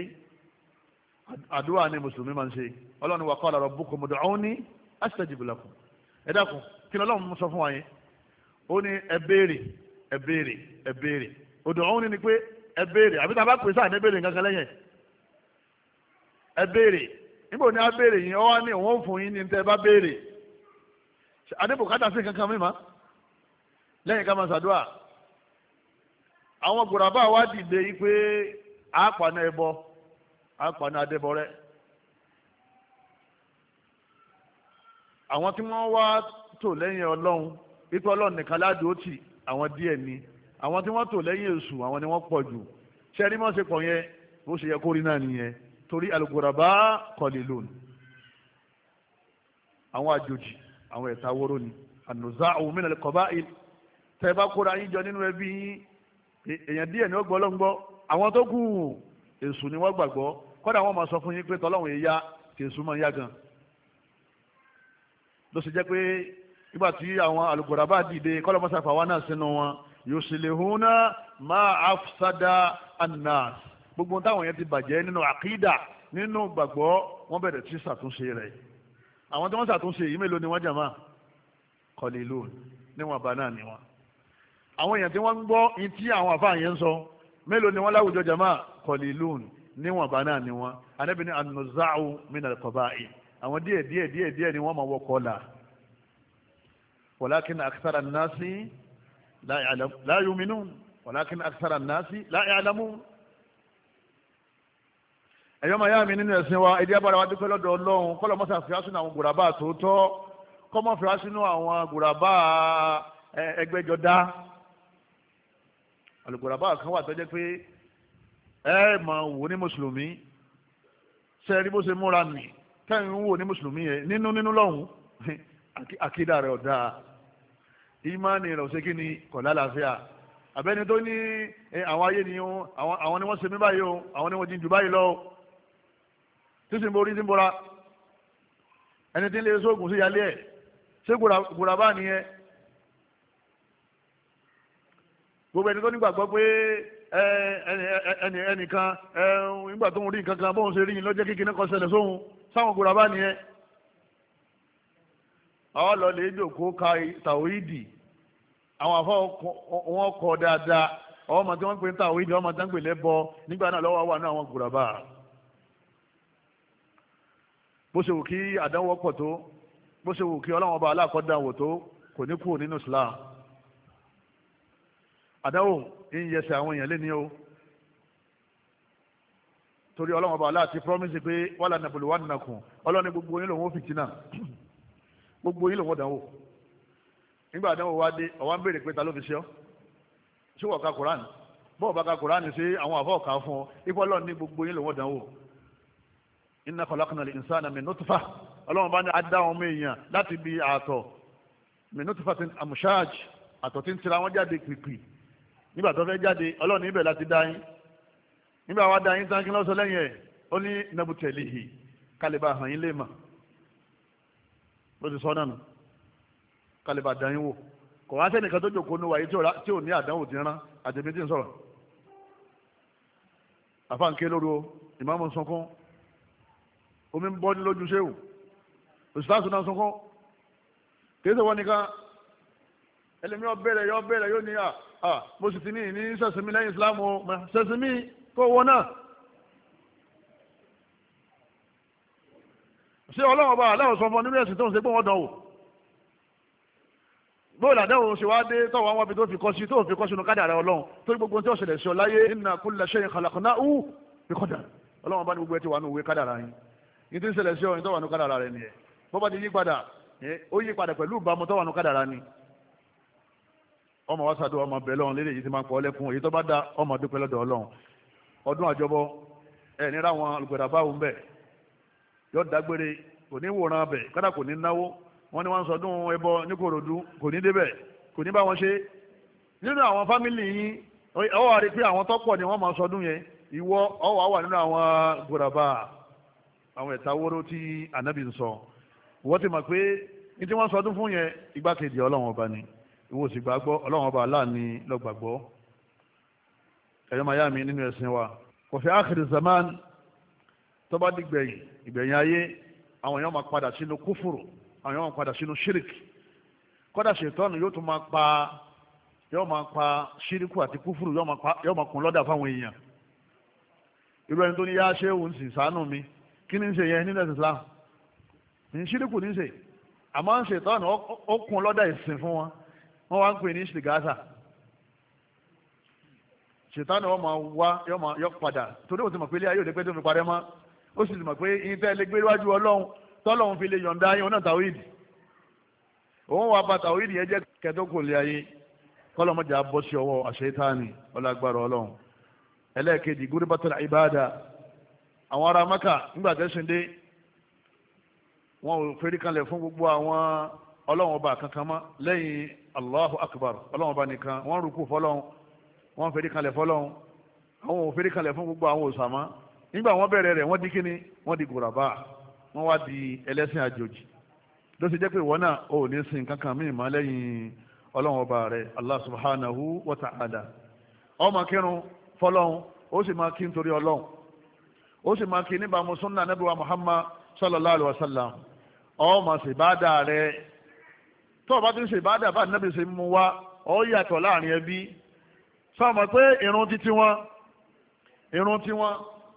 àdúrà ni mùsùlùmí máa ń ṣe ọlọ́run wa qala rabbukum ud'uni astajib lakum ẹ dákun kí ni ọlọ́run sọ fún wa yẹn ó ní ẹ béèrè ẹ béèrè ẹ béèrè ud'uni ni pé ẹ béèrè àbí tàbá pèsè àná béèrè nǹkan kan lẹ́yìn ẹ béèrè níbo ni a béèrè yín ọwọ́ ni òun fún yín ní tẹ́ bá béèrè adébùkátà sí kankan mímọ́ lẹ́yìn ká máa ṣàdúrà àwọn gbòràbà wa dìde yìí pé àápàna àwọn tí wọ́n wá tò lẹ́yìn ọlọ́run ọlọ́run nìkan àwọn díẹ̀ ni. àwọn tí wọ́n tò lẹ́yìn èṣù àwọn ni wọ́n pọ̀ jù sẹ́ni mọ́ ṣe pọ̀ yẹn bó ṣe yẹ kó rí náà nìyẹn torí alugoraba kọlilun àwọn àjòjì àwọn ẹ̀ta wóró ni ànùzá òun mìíràn lè kọ́bá il tẹ́ bá kóra yín jọ nínú ẹbí yín èèyàn díẹ̀ ni ó gbọ́ lọ́ngbọ́ àwọn tó kù èṣù ni wọ́n gbàgbọ́ kọ́dà wọ́n máa sọ fún yín pé tọ́lọ́hún yìí yá tí èṣù máa yá gan ló sì jẹ́ pé nígbà tí àwọn alugoraba dìde kọ́lọ́mọ́sàfà wa náà sínú wọn yuslihuna ma afsada annas gbogbo táwọn yẹn ti bàjẹ́ nínú àkídà nínú gbàgbọ́ wọ́n bẹ̀rẹ̀ sí ṣàtúnṣe rẹ̀ àwọn tí wọ́n ṣàtúnṣe yìí mélòó ni wọ́n jàmá qalilun níwọ̀n bá náà ni àwọn èèyàn tí wọ́n ń gbọ́ ní tí àwọn àfáà yẹn ń sọ mélòó ni wọ́n láwùjọ jàmá qalilun níwọ̀n bá náà ni anábìíní an-nuza'u min àwọn díẹ̀ díẹ̀ díẹ̀ díẹ̀ ni wọ́n máa wọ kọ́là la yu'minun walakin akthara an-nasi la ya'lamun. ẹ̀yọ́ máa yá mi nínú ẹ̀sìn wa èdè abára wa dúpẹ́ lọ́dọ̀ ọlọ́run kọ́lọ́ mọ́sá fìyà sínú àwọn gùràbà tòótọ́ kọ́mọ́ fìyà sínú àwọn gùràbà ẹgbẹ́jọdá àlùgùràbà kan wà tó jẹ́ pé ẹ máa wò ní mùsùlùmí ṣe rí bó ṣe múra nì tẹ́yìn wò ní mùsùlùmí yẹn nínú nínú lọ́hùn-ún àkídà rẹ̀ ọ̀dà ìmánì rẹ̀ òṣèkí ni kò lálàáfíà àbẹ́ni tó ní àwọn ayé ni àwọn ni wọ́n ṣe mí báyìí o àwọn ni wọ́n ti jù báyìí lọ tí sì ń borí sí ń bora ẹni tí ń lè sóògùn sí yálé ẹ̀ ṣé gbòràbá nìyẹn gbogbo ẹni tó nígbàgbọ́ pé ẹnì ẹnìkan nígbà tó ń rí nǹkan kan bóun ṣe rí yín lọ́jọ́ kékeré kan ṣẹlẹ̀ sóhun sáwọn gbòràbá nìyẹn àwọn lọ lè jòkó ka tàwídì àwọn afọ wọn kọ dáadáa àwọn ọmọ tí wọn pè ń tàwídì ọmọ tí wọn pè lẹbọ nígbà náà lọ́wọ́ wà ní àwọn gùràbà bó ṣe wù kí àdánwò pọ̀ tó bó ṣe wù kí ọlọ́wọ́n ọba aláàkọ́dáwò tó kò ní kúrò nínú Islam àdánwò ń yẹsẹ̀ àwọn èèyàn lé ní o torí ọlọ́wọ́n ọba aláàtí promise pé wàlànà bùlùwà nìkan ọlọ́ni gbogbo yín lòun ó fìtínà gbogbo yìí ló wọ́n dánwò nígbà dánwò wá dé ọ̀wá ń béèrè pé ta ló fi ṣe ọ́ ṣé wọ́n ka koran bọ́ọ̀ bá ka koran ṣe àwọn àbọ̀ ọ̀ka fún ọ ipò ọlọ́run ní gbogbo yìí ló wọ́n dánwò inna khalaqnal insana min nutfa ọlọ́run bá ní adá ọmọ èèyàn láti bi àtọ̀ min nutfatin amushaj àtọ̀ tí ń tira wọn jáde pìpì nígbà tó fẹ́ jáde ọlọ́run níbẹ̀ láti dá yín nígbà wá dá yín tán kí lọ́sọ lẹ́yìn ẹ̀ ó ní nabutẹ̀lì hì kálíbà hàn yín lè mọ̀ ló ti sọ nánu kálíbà dání wò kò wá sẹ́nìkan tó jòkó ní wàyí tí ò ní àdánwò ti rán àtẹ̀mí tí ń sọ̀rọ̀ àfáǹké lóru o ìmáàmù sunkún omi ń bọ́ ní lójú ṣéwù òṣìṣẹ́ náà sunkún kìí ṣe wọ́n nìkan ẹlẹ́mi yọ bẹ̀rẹ̀ yọ bẹ̀rẹ̀ yóò ní à mo sì ti ní ìní sẹ̀sìn lẹ́yìn Islam o sẹ̀sìn mi kó náà. ṣé ọlọ́run bá aláwọ̀ sọ fún ọ nínú ẹ̀sìn tó ń ṣe pé wọ́n dán o bóòlù àdáwò ṣe wá dé tọ́wọ́ àwọn ibi tó fi kọ́ sí tó fi kọ́ sínú kádàrá ọlọ́run torí gbogbo tí ó ṣẹlẹ̀ sí ọ láyé inna kulla shay'in khalaqnahu bi qadar ọlọ́run bá ní gbogbo ẹ ti wà ní òwe kádàrá yín ní tí ń ṣẹlẹ̀ sí ọ ní tọ́wọ́ àánú kádàrá rẹ nìyẹn bó bá ti yí padà ó yí padà pẹ̀lú ìbámu tọ́wọ́ àánú kádàrá ni ọmọ wa sàdó ọmọ bẹ̀rẹ̀ lọ́run lédè yìí ti máa ń pọ̀ lẹ́kùn èyí tó bá da ọmọ dúpẹ́ lọ́dọ̀ ọlọ́run ọdún àjọbọ yóò dágbére kò ní wòran abẹ kódà kò ní náwó wọn ni wọn ń sọdún ẹbọ ní korodu kò ní débẹ̀ kò ní bá wọn ṣe nínú àwọn fámìlì yín ọwọ́ àrí pé àwọn tọ́pọ̀ ni wọ́n máa sọdún yẹn ìwọ ọwọ́ àwà nínú àwọn gbòràbà àwọn ẹ̀ta wóró tí ànábì ń sọ wọ́n ti mọ̀ pé ní tí wọ́n sọdún fún yẹn igbákejì ọlọ́run ọba ni ìwọ sì gbàgbọ́ ọlọ́run ọba aláàní lọ́gbàgbọ́ ẹ̀yọ́ màyá mi nínú ẹ̀sìn wa kò fi áàkìrì zaman tó bá dìgbẹ̀yìn ìgbẹ̀yìn ayé àwọn èèyàn máa padà sínú kúfùrù àwọn èèyàn máa padà sínú ṣírìkì kọ́dà ṣètọ́nù yóò tún máa pa yóò máa pa ṣírìkù àti kúfùrù yóò máa kún lọ́dà fáwọn èèyàn irú ẹni tó ní yá ṣé òun sì sànù mi kí ni ń ṣe yẹn nílẹ̀ Islam ní ní ṣe àmọ́ ń ṣètọ́nù ó kún lọ́dà ìsìn fún wọn wọ́n wá ń pè ní ṣìgáàsà ṣètọ́nù yọ padà torí mọ̀ pé ilé ayé òde pé tó ó sì mọ̀ pé iye tẹ́ lè gbé wájú ọlọ́run tọ́lọ́run fi lè yọ̀ǹda yín ọ̀nà tàwíìdì òun wàá ba tàwíìdì yẹn jẹ́ kẹtókò lé ayé kọ́lọ́mọjà bọ́ sí ọwọ́ àṣetáni ọlágbára ọlọ́run ẹlẹ́ẹ̀kejì gúrúbátàlá ìbáàdà àwọn ará maka nígbà tẹ́sán wọn ò fẹ́rí kanlẹ̀ fún gbogbo àwọn ọlọ́run ọba kankan mọ́ lẹ́yìn allahu akbar ọba nìkan wọ́n rúkú fọlọ́run wọ́n fẹ́rí kanlẹ̀ fọlọ́run àwọn ò fẹ́rí kanlẹ̀ fún nígbà wọ́n bẹ̀rẹ̀ rẹ̀ wọ́n di kíni wọ́n di gòràbà wọ́n wá di ẹlẹ́sìn àjòjì ló ṣe jẹ́ pé ìwọ náà ò ní sin kankan míì mọ́ lẹ́yìn ọlọ́run ọba rẹ̀ allah subhanahu wa ta'ala ọmọ kírun fọlọ́run ó sì máa kí nítorí ọlọ́run ó sì máa kí níbàámu sunna nabi muhammad sallallahu alaihi wa sallam ọmọ ṣèbáàdà rẹ̀ tó o bá ti ń ṣèbáàdà bá nàbì ṣe mú wa ọ yàtọ̀ láàrin ẹbí sọ ma pé irun títí wọn irun tí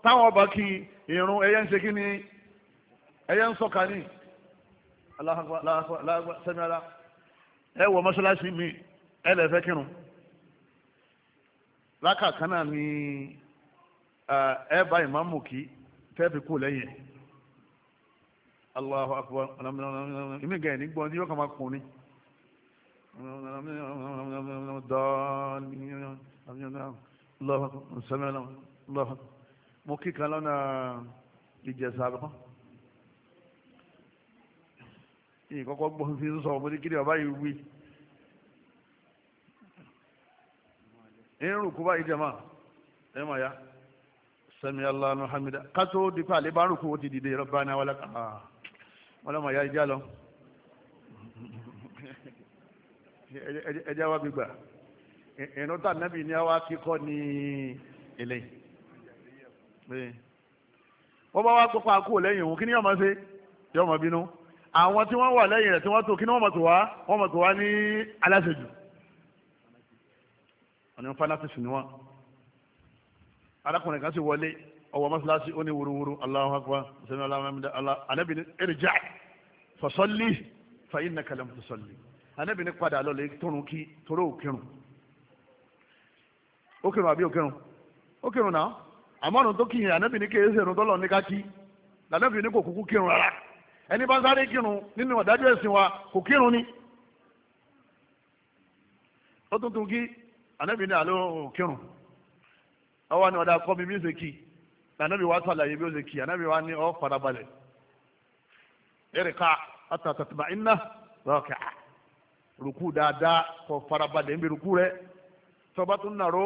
táwọn ọba kí irun ẹyẹ ń ṣe kí ni ẹyẹ ń sọ̀ka ní aláhàgbà ẹ wọ mọ́ṣáláṣí mi ẹ lè fẹ́ kírun lákàkánná ni ẹ bá ìmáàmù kí tẹ́ẹ̀fì kù lẹ́yìn Allahu akbar ìmí gẹ̀ẹ́ nígbọ́n tí yóò kàn máa kùn ni dọ́ọ̀ni Allahu akbar sẹ́mi Allahu akbar mo kíkà lọ́nà ìjẹ̀sà lọ́pọ̀ yìí kọ́kọ́ gbọ́ fi ń sọ ọmọ ní kí ni ọba yìí wí irun kú báyìí jẹ̀mọ́ ẹ mọ̀ ya sami allah nu hamida kátó dípẹ́ àlébárùkù ó ti dìde rabbana wala kàá wọ́n lọ́mọ ya ìjà lọ ẹjẹ́ wa gbígbà ìrántà nábì ni a wá kíkọ́ ní eléyìí. Eh. wọ́n bá wá gbọ́pá kú lẹ́yìn òun kí ni yóò máa ṣe yóò máa bínú àwọn tí wọ́n wà lẹ́yìn rẹ̀ tí wọ́n tó kí ni wọ́n máa tó wá wọ́n máa tó wá ní aláṣejù ọ̀nà fanatisi ni wọ́n arákùnrin kan sì wọlé ọwọ́ mọ́sálásí ó ní wúruwúru Allahu akbar sẹ́ni aláwọ̀mẹ́dá anábì ní èrìjà fọ̀sọ́lì fàyín nà kàlẹ́ fọ̀sọ́lì anábì ní padà lọ lè tóun kí toró òkèrùn òkèrùn àbí òkèrùn òkèrùn náà àmọ́nù tó kí yẹn ànábì ní kéésì ẹ̀rù tọ́lọ̀ ní kákí lànàbì ní kò kúkú kírun rárá ẹni bá sáré kírun nínú ọ̀dájú ẹ̀sìn wa kò kírun ni ó tuntun kí ànábì ní àlọ́ kírun ọwọ́ ni ọ̀dà kọ́ mi bí ó ṣe kí lànàbì wa sàlàyé bí ó ṣe kí ànábì wa ní ọ́ àtàtàtàmà iná dáadáa ń rẹ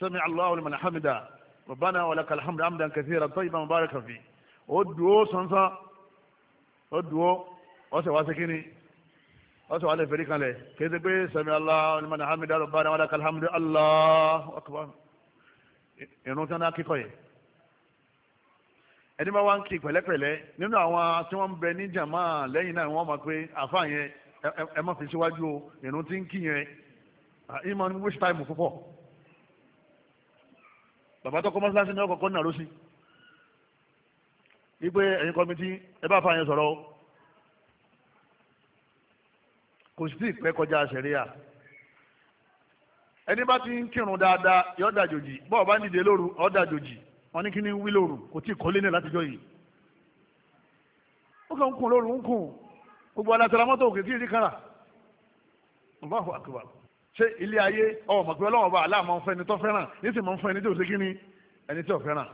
sami allahu liman hamida rabbana wa lakal hamdu hamdan kathira tayyiban mubarakan fi o duwo sansan o duwo o se wa se kini o se wa le feri kan le kese pe sami allahu liman hamida rabbana wa lakal hamdu allahu akbar irun tí wọn dá kíkọ yẹn ẹni bá wá ń kí pẹ̀lẹ́pẹ̀lẹ́ nínú àwọn tí wọ́n ń bẹ ní jàmá lẹ́yìn náà wọ́n mọ̀ pé àfa yẹn ẹ má fi síwájú o irun tí ń kí yẹn ìmọ̀ ní wíṣ táìmù púpọ̀. bàbá tó kọ́ mọ́sálásí ní ọkọ̀ọ̀kọ́ náà ló wípé ẹ̀yin ẹ bá fa yẹn sọ̀rọ̀ o kò sí kọjá sẹ̀ríà ẹni bá ti ń kírun ni wí lóru kò tí ì kọ́lé náà látijọ́ yìí ó kàn ń kùn lóru ń kùn gbogbo alásàlámọ́tò òkè tí rí ṣé ilé ayé ọmọ mọ̀ pé ọlọ́wọ́n bá aláàmọ́ ń fẹ́ ẹni tó fẹ́ràn ní sì mọ́ ń fẹ́ ẹni tó ṣe kíni ẹni tó fẹ́ràn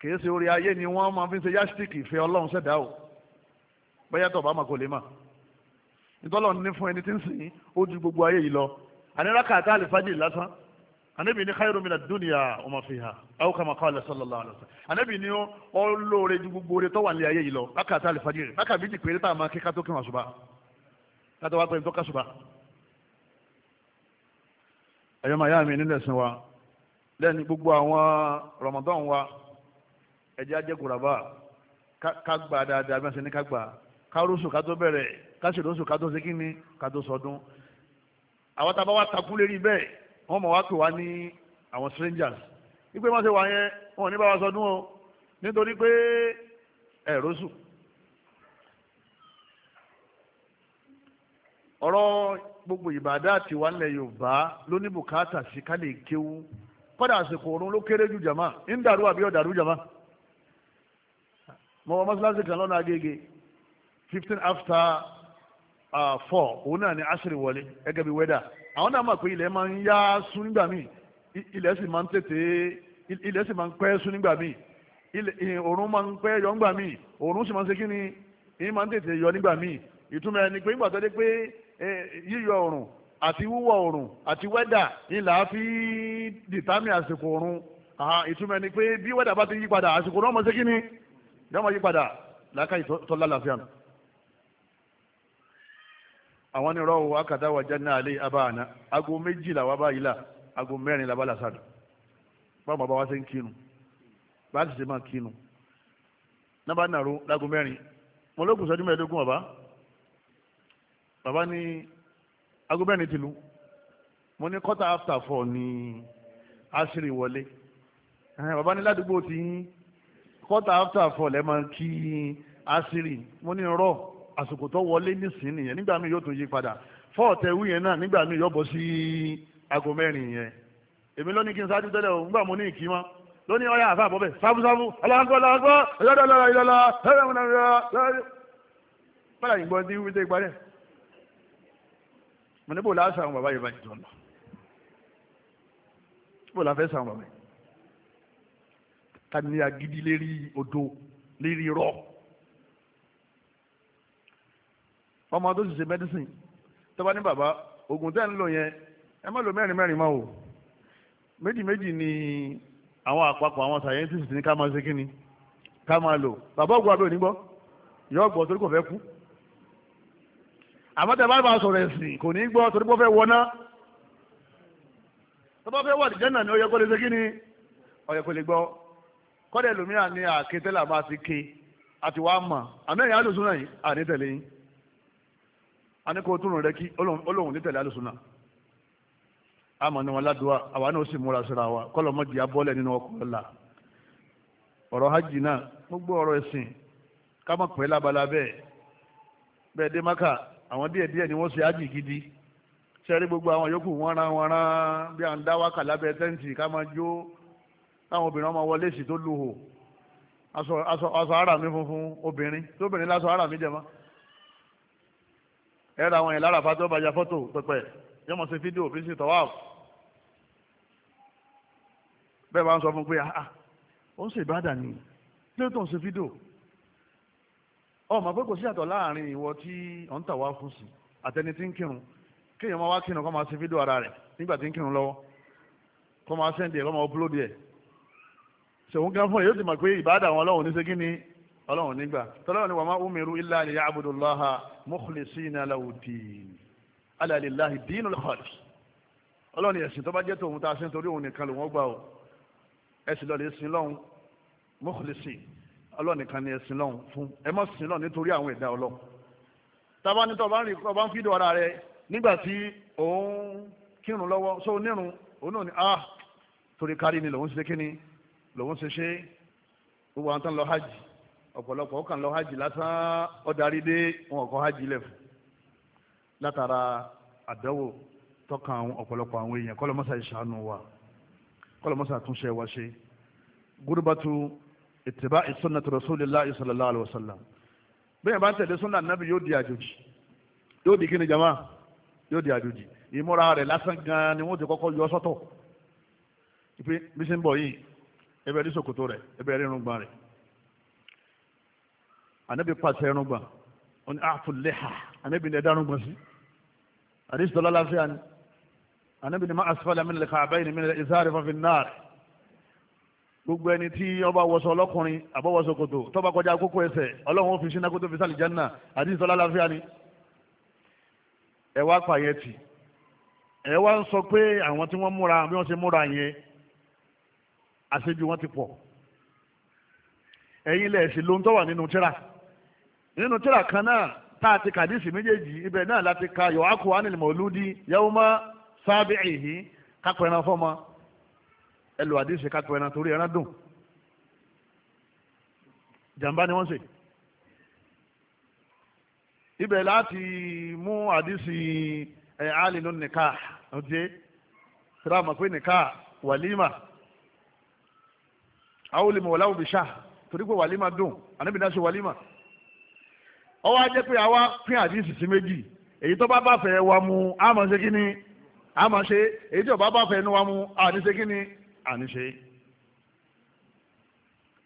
kìí ṣe orí ayé ni wọ́n máa fi ṣe yásítìkì ìfẹ́ ọlọ́run ṣẹ̀dá o bóyá tó bá máa kò lè mà nítọ́lọ́run ní fún ẹni tí ń sìn ó ju gbogbo ayé yìí lọ àníraka àti àlìfájì lásán ànábì ní khairu mina dúnìyà ọmọ fi hà aw kama qala sallallahu alaihi wasallam ànábì ní ó lóore ju gbogbo oore tó wà ní ayé yìí lọ lákàtà àlìfájì rẹ̀ lákàbíjì péré tá a máa kí kátó kí wọn àṣùbà kátó wá pé ní tó kásùbà ẹ̀yọ́ máa yá mi nílẹ̀ sin wa lẹ́ni gbogbo àwọn Ramadan wa ẹ̀jẹ̀ ajẹ́kùràbà ká gbà dáadáa bí wọ́n ṣe ní ká gbà ká rúṣù ká tó bẹ̀rẹ̀ ká ṣèlóṣù ká tó ṣe kí ni ká tó sọdún àwọn tá a bá wá takú lérí bẹ́ẹ̀ wọ́n mọ̀ wá pè wá ní àwọn strangers wípé wọ́n ṣe wà yẹn wọn ò ní bá wa sọdún o nítorí pé ẹ̀ rúṣù. ọ̀rọ̀ gbogbo ìbàdá àti wà nílẹ̀ yorùbá ló ní bùkátà sí ká lè kéwú kọ́dà àsìkò oorun ló kéré jù jama. ń dàrú àbí ọ̀dàrú jàmá mo wọ mọ́sálásí kan lọ́nà agége fifteen after four òun náà ni asiri wọlé gẹ́gẹ́ weda wẹ́dà àwọn náà mọ̀ pé ilẹ̀ máa ń yá sún nígbà míì ilẹ̀ sì máa ń tètè ilẹ̀ sì máa ń pẹ́ ni máa ń tètè yọ nígbà míì ìtumọ̀ Eh, yíyọ oòrùn àti wíwọ̀ oòrùn àti wẹ́dà ńlá fi dìtámì àsìkò oòrùn ìtumọ̀ ni pé bí wẹ́dà bá ti yí padà àsìkò náà mọ̀ sí kíni yọ́mọ yí padà làákàyè tó lálàáfíà nù. àwọn ní rọ́ọ̀ akàtà wà jẹ́nà àlẹ́ abáàna aago méjìlá wà báyìí là aago mẹ́rin là bá là sàdù báwọn bàbá wa ṣe ń kínu bá a ṣe máa kínu náà bá nàró láago mẹ́rin mo lókun mẹ́ẹ̀ẹ́dógún bàbá. bàbá ní agobẹ́ni tìlú mo ní quarter after four ní àṣírí wọlé bàbá ní ládùúgbò tí quarter after four lẹ́ máa kí asiri mo ní rọ àsìkò tó wọlé nísìnyí nìyẹn nígbà míì yóò tún yí padà fọ́ọ̀tẹ̀ wí yẹn náà nígbà míì yóò bọ́ sí aago mẹ́rin yẹn èmi kí n tẹ́lẹ̀ o nígbà mo ní ìkí wọn lónìí ọ̀yà àfa àbọ̀bẹ̀ mo ní bò láà sàwọn bàbá yìí bá jù lọ bò láà fẹ́ sàwọn bàbá yìí tani agidi lérí odò lérí rọ ọmọ tó sì ṣe mẹdísìn tó bá ní bàbá oògùn tẹ́ ń lò yẹn ẹ má lò mẹ́rin mẹ́rin mọ́ o méjì méjì ni àwọn àpapọ̀ àwọn sàyẹ́ntìsì ní ká máa ṣe kí ni ká máa lò bàbá ògùn abẹ́ òní gbọ́ yọ ọgbọ̀n torí kò fẹ́ kú àmọ́tẹ́ bá bá sọ̀rọ̀ ẹ̀sìn kò ní gbọ́ torí bó fẹ́ wọná tó bá fẹ́ wà nìjẹ́ náà ni ó yẹ kó lè ṣe kí ni ó kó lè gbọ́ kọ́dẹ̀ lómìnira ni àkẹ́tẹ́là máa ti ké àti wàá mọ̀ àmẹ́yìn alùsùnà yìí àní tẹ̀lé yín àní kó túnrùn rẹ kí olóhùn ní tẹ̀lé alùsùnà àmọ́ ni wọn ládùúwà àwa náà sì múra síra wa kọ́lọ̀ mọ́jì abọ́lẹ̀ nínú ọkọ̀ ọ̀la ọ̀rọ̀ hajj náà gbogbo ọ̀rọ̀ ẹ̀sìn ká mọ̀ pẹ́ lábala àwọn díẹ̀ díẹ̀ ni wọ́n ṣe ájì gidi ṣẹ́rí gbogbo àwọn yòókù wọ́n rán wọ́n rán bí à ń dá wákà lábẹ́ tẹ́ǹtì ká máa jó táwọn obìnrin ọmọ wọlé sí tó lu hò aṣọ ara mi funfun obìnrin tóbìnrin láṣọ ara mi jẹma ẹ̀rọ àwọn yẹn lára fatọ́ bàjá fọ́tò pẹpẹ yóò mọ̀ sí fídíò fi sí tọ́wá bẹ́ẹ̀ bá ń sọ fún pé ah, ah, ó ń ṣèbádà ni kí ló tó ń ṣe fídíò ọmọ pé kò sí àtọ̀ láàrin ìwọ tí ọ̀ ń tàwa fún sí àtẹni tí ń kírun kéèyàn máa wá kírun kó máa ṣe fídíò ara rẹ̀ nígbà tí ń kírun lọ́wọ́ kó máa sẹ́ndì ẹ̀ kó máa upload ẹ̀ ṣòun gan fún ẹ̀ yóò ti mọ̀ pé ìbáàdà àwọn ọlọ́run ní segin ni ọlọ́run nígbà tọ́lọ́run ni wa ma umiru illa liya'budullaha mukhlisina lahu din ala lillahi dinul khalis ọlọ́run ni ẹ̀sìn tó bá jẹ́ tòun tá a ṣe òun nìkan lòun ó gbà ó ẹ̀sìn lọ́ọ́ ọlọ́run nìkan ni ẹ̀sìn lọ́hùn fún ẹ mọ̀ sìn lọ́hùn nítorí àwọn ẹ̀dá ọlọ́run tábà ní tọ́ba ń rí ọba ń fi dùn ara rẹ nígbà tí òun kírun lọ́wọ́ so onírun òun náà ni ah torí kárí ni lòun ṣe kíni lòun ṣe ṣe gbogbo àwọn tán lọ hajj ọ̀pọ̀lọpọ̀ ó kàn lọ hajj lásán ó darí dé wọn kọ́ hajj lẹ̀ fún látara àdánwò tọ́kàn ọ̀pọ̀lọpọ̀ àwọn èèyàn kọ́lọ́mọ́sà ìṣàánú wa kọ́lọ́mọ́sà àtúnṣe wa ṣe gúrúbàtú ìtìbá ìsúnà tó Rasulullahi sallallahu alaihi wasallam bẹ́ẹ̀ bá ń tẹ̀lé súnà nàbì yóò di àjòjì yóò di kíni jama yóò di àjòjì ìmúra rẹ̀ lásán gan ni wọ́n ti kọ́kọ́ yọ sọ́tọ̀ ìpín bísí ń bọ̀ yìí ẹbẹ̀ rí ṣòkòtò rẹ̀ ẹbẹ̀ rí irùngbọ̀n rẹ̀ ànábì pàṣẹ irùngbọ̀n ó ní àfù lẹ́hà ànábì ní ẹ̀dá irùngbọ̀n sí àdìsí láfíà ni ànábì ní má asfala min gbogbo ẹni tí ọba wọṣọ ọlọkùnrin àbọwọṣọ kòtò tọba kọjá kókó ẹsẹ̀ Ọlọ́run òfin ṣínà kótó fisali janna àti ìsọlá láfíà ni ẹ wá pa yẹn tì ẹ wá ń sọ pé àwọn tí wọ́n múra bí wọ́n ṣe múra yẹn àṣejù wọn ti pọ̀ ẹ̀yin lẹ ṣe lóhun tó wà nínú tíra nínú tíra kan náà tá a ti kàdísì méjèèjì ibẹ̀ náà láti ka yọ àkùwánìlmọlúdí yawma sábẹ èyí kápẹ́ràn fọ́mọ ẹlò àdìsí kápẹ́ ẹran torí ẹran dùn jàǹbá ni wọ́n ṣe ibẹ̀ láti mú àdìsí ẹ̀ alìlú nìka ọ̀jẹ́ síràmà pé nìka wàlímà àwòlímà wàláwò bìṣà torí pé wàlímà dùn àníbi náà ṣe wàlímà ọwọ́ ajẹ́ pé àwa pín àdìsí sí méjì èyí tó bá bá fẹ́ wa mu àmọ́ ṣe kí ni àmọ́ ṣe èyí tó bá bá fẹ́ nu wa mu àdìsí kí ni àníṣe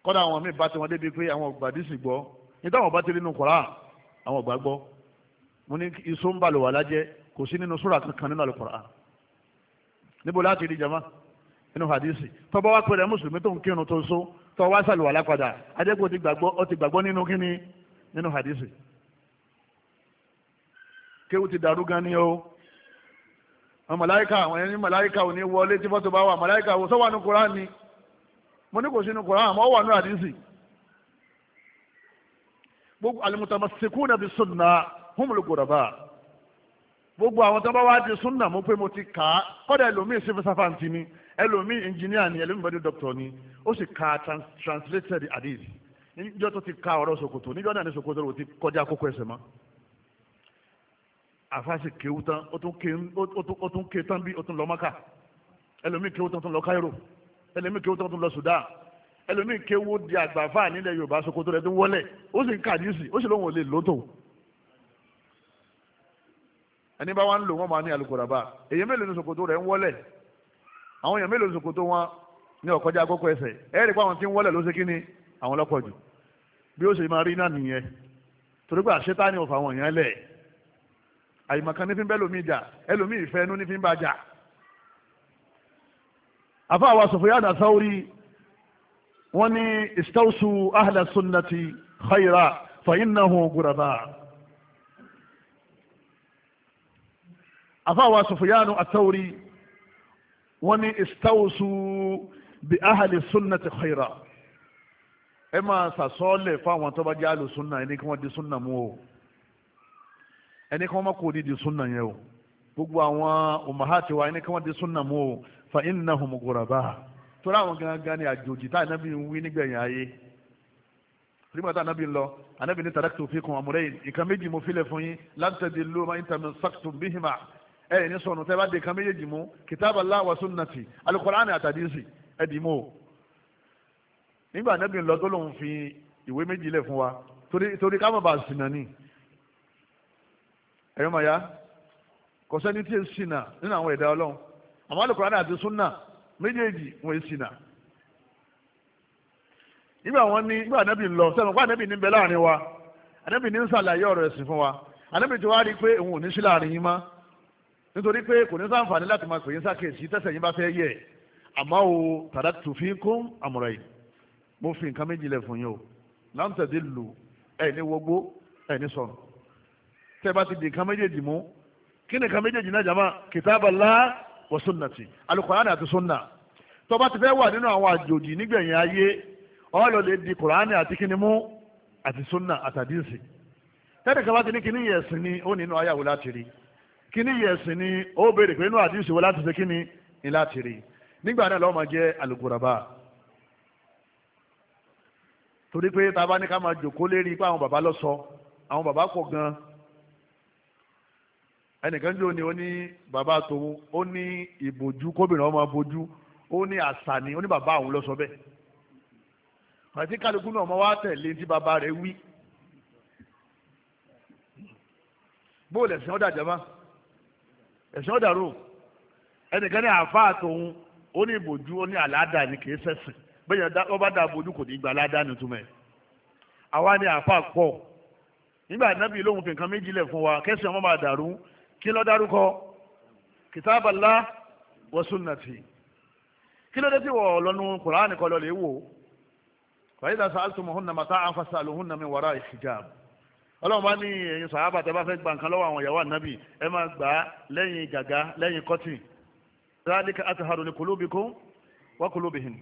kọ́dà àwọn míì bá tiwọn débi pé àwọn ògbàdísì gbọ́ ní táwọn bá ti rí inú Kùránì àwọn ògbà gbọ́ mo ní iṣó ń balùwà lájẹ́ kò sí nínú súrà kankan nínú Al-Kùránì níbo láti rí jama nínú hadisi tọ́ba wá pẹ̀lẹ́ mùsùlùmí tó ń kírun tó so tọ́ wá sàlùwà lápadà adẹ́gbò ti gbàgbọ́ ọ ti gbàgbọ́ nínú kíni nínú hadisi kéwù ti dàrú gan ni o àwọn màláìka àwọn ẹni màláìka ò ní wọlé tí fọ́tò bá wà màláìka ò sọ́wọ́ nu koran ni mo ní kò sínú koran àmọ́ ó wà ní àdísì gbogbo al-mutamassikuna bi sunnah humul ghuraba gbogbo àwọn tó bá wá di sunna mo pé mo ti kà á kọ́dà ẹlòmíì sí fẹ́sàfàǹtì ni ẹlòmíì ẹnjìníà ni ẹlòmíì bẹ́ẹ̀ dọ́kítọ̀ ni ó sì ka translated hadith níjọ́ tó ti ka ọ̀rọ̀ ṣòkòtò níjọ́ náà ní ṣòkòtò rò ti kọjá kókó ẹsẹ̀ mọ́ àfáàsì kéwú tán ó tún ké tán bí ó tún lọ mọ́kà ẹlòmíì kéwú tán tún lọ káírò ẹlòmíì kéwú tán tún lọ sudan ẹlòmíì kéwú di àgbàfà nílẹ̀ yorùbá sokoto rẹ̀ tó wọlé ó sì ń kàdísì ó sì lóun ò lè lótò ẹni bá wà ń lò wọ́n máa ní alukoraba èyí mélòó ní sokoto rẹ̀ ń wọlé àwọn èèyàn mélòó ní sokoto wọn ní ọ̀kọ́jà àkókò ẹsẹ̀ ẹ̀ẹ́dì pé àwọn tí ń wọlé ló ṣe kí ni àwọn lọ́pọ̀ jù bí ó ṣe máa rí náà nìyẹn torí pé àṣetá ni ọ̀fà àyìmọ̀kan ní fi ń bẹ́ lómi jà ẹlòmí ìfẹ́ inú ní fi ń bá jà afa àwa Sufyan ath-Thawri wọ́n ní istawsu ahla sunnati khayra fa innahu ghuraba afa àwa Sufyan ath-Thawri wọ́n ní istawsu bi ahli sunnati khayra ẹ máa sàsọ́ọ́lẹ̀ fáwọn tó bá jẹ́ àlùsùnà ẹni kí wọ́n di súnà mú o ẹni kan máa kó di di sunna yẹn o gbogbo àwọn umahati wa ẹni kan máa di sunna mu o fa innahum ghuraba torí àwọn gangan ni àjòjì tá ànábì ń wí nígbẹ̀yìn ayé nígbà tá ànábì ń lọ ànábì ní taraktu fikum amrayn ìkan méjì mo filẹ̀ fún yín lan tadillu ma in tamassaktum bihima ẹ ní sọnù tẹ́ bá de ìkan méjèèjì mú kitaballahi wa sunnati al-Qur'ani àti hadisi ẹ dì mú o nígbà ànábì ń lọ tó lóun fi ìwé méjì lẹ̀ fún wa torí torí ká má bàa sìnà ni ẹ̀rọ mọ̀ ya kò sẹ́ni tí ń sinà nínú àwọn ẹ̀dá ọlọ́run àmọ́ Al-Kùránì àti súnà méjèèjì wọ́n ń sinà. nígbà wọn ní nígbà anábì ń lọ sẹ́nu kó anábì ní bẹ láàrin wa anábì ní ń sàlàyé ọ̀rọ̀ ẹ̀sìn fún wa anábì ti wá rí i pé òun ò ní sí láàrin yín mọ́ nítorí pé kò ní sáǹfààní láti máa pè yín sákèsí tẹ́sẹ̀ yín bá fẹ́ yẹ àmọ́ o tàdá tòfin kún àmọ̀ràn yìí mo fi nǹkan méjì fún yín o láǹtẹ̀dẹ́ lù ẹ̀ ní wọgbó ẹ̀ ní sọ̀rọ̀ tẹ́ bá ti di nǹkan méjèèjì mú kí nìkan méjèèjì náà jàmá kitaballah wa sunnati alukurani àti sunna tó bá ti fẹ́ wà nínú àwọn àjòjì nígbẹ̀yìn ayé ọlọ́ lè di kurani àti kíni mú àti sunna àtàdínsì tẹ́lẹ̀ kan bá ti ní kíní yẹ̀ sí ni ó nínú ayáwó láti rí kíní yẹ̀ sí ni ó béèrè pé inú àdínsì wo láti ṣe kíni ni láti rí nígbà náà lọ́wọ́ máa jẹ́ aluguraba torí pé tá a bá ní ká máa jòkó lérí pé àwọn bàbá lọ sọ àwọn bàbá pọ̀ gan-an ẹnìkan jò ní ó ní bàbá tòun ó ní ìbòjú kóbìnrin ọmọ bojú ó ní àṣàní ó ní bàbá òun lọ sọ bẹ́ẹ̀ pàtí kálukú náà ọmọ wa tẹ̀lé tí bàbá rẹ̀ wí bóòlù ẹ̀sìn ọ̀dà jẹ́má ẹ̀sìn ọ̀dà rò ẹnìkan ní àáfàá tòun ó ní ìbòjú ó ní àládà ní kì í bẹ́ẹ̀ ni wọ́n bá dà bojú kò ní gba àládà ní túmọ̀ àwa ní àáfàá pọ̀ nígbà nábì lóhun fi nǹkan méjì lẹ̀ fún wa kẹ́sìn ọmọ máa dàrú kí ló dárúkọ kìtàbà Allah wa sunnati kí ló dé tí wọ́n lọ́nu kùránì kọ́ lọ́lẹ̀ wò fàyè dàsá altumuhunna mata'an fasaluhunna min wara'i hijab ọlọ́run bá ní ẹ̀yin sàhábà tẹ́ bá fẹ́ gba nǹkan lọ́wọ́ àwọn ìyàwó ànábì ẹ máa gbà á lẹ́yìn gàgá lẹ́yìn kọ́tìn zalika atharu li qulubikum wa qulubihin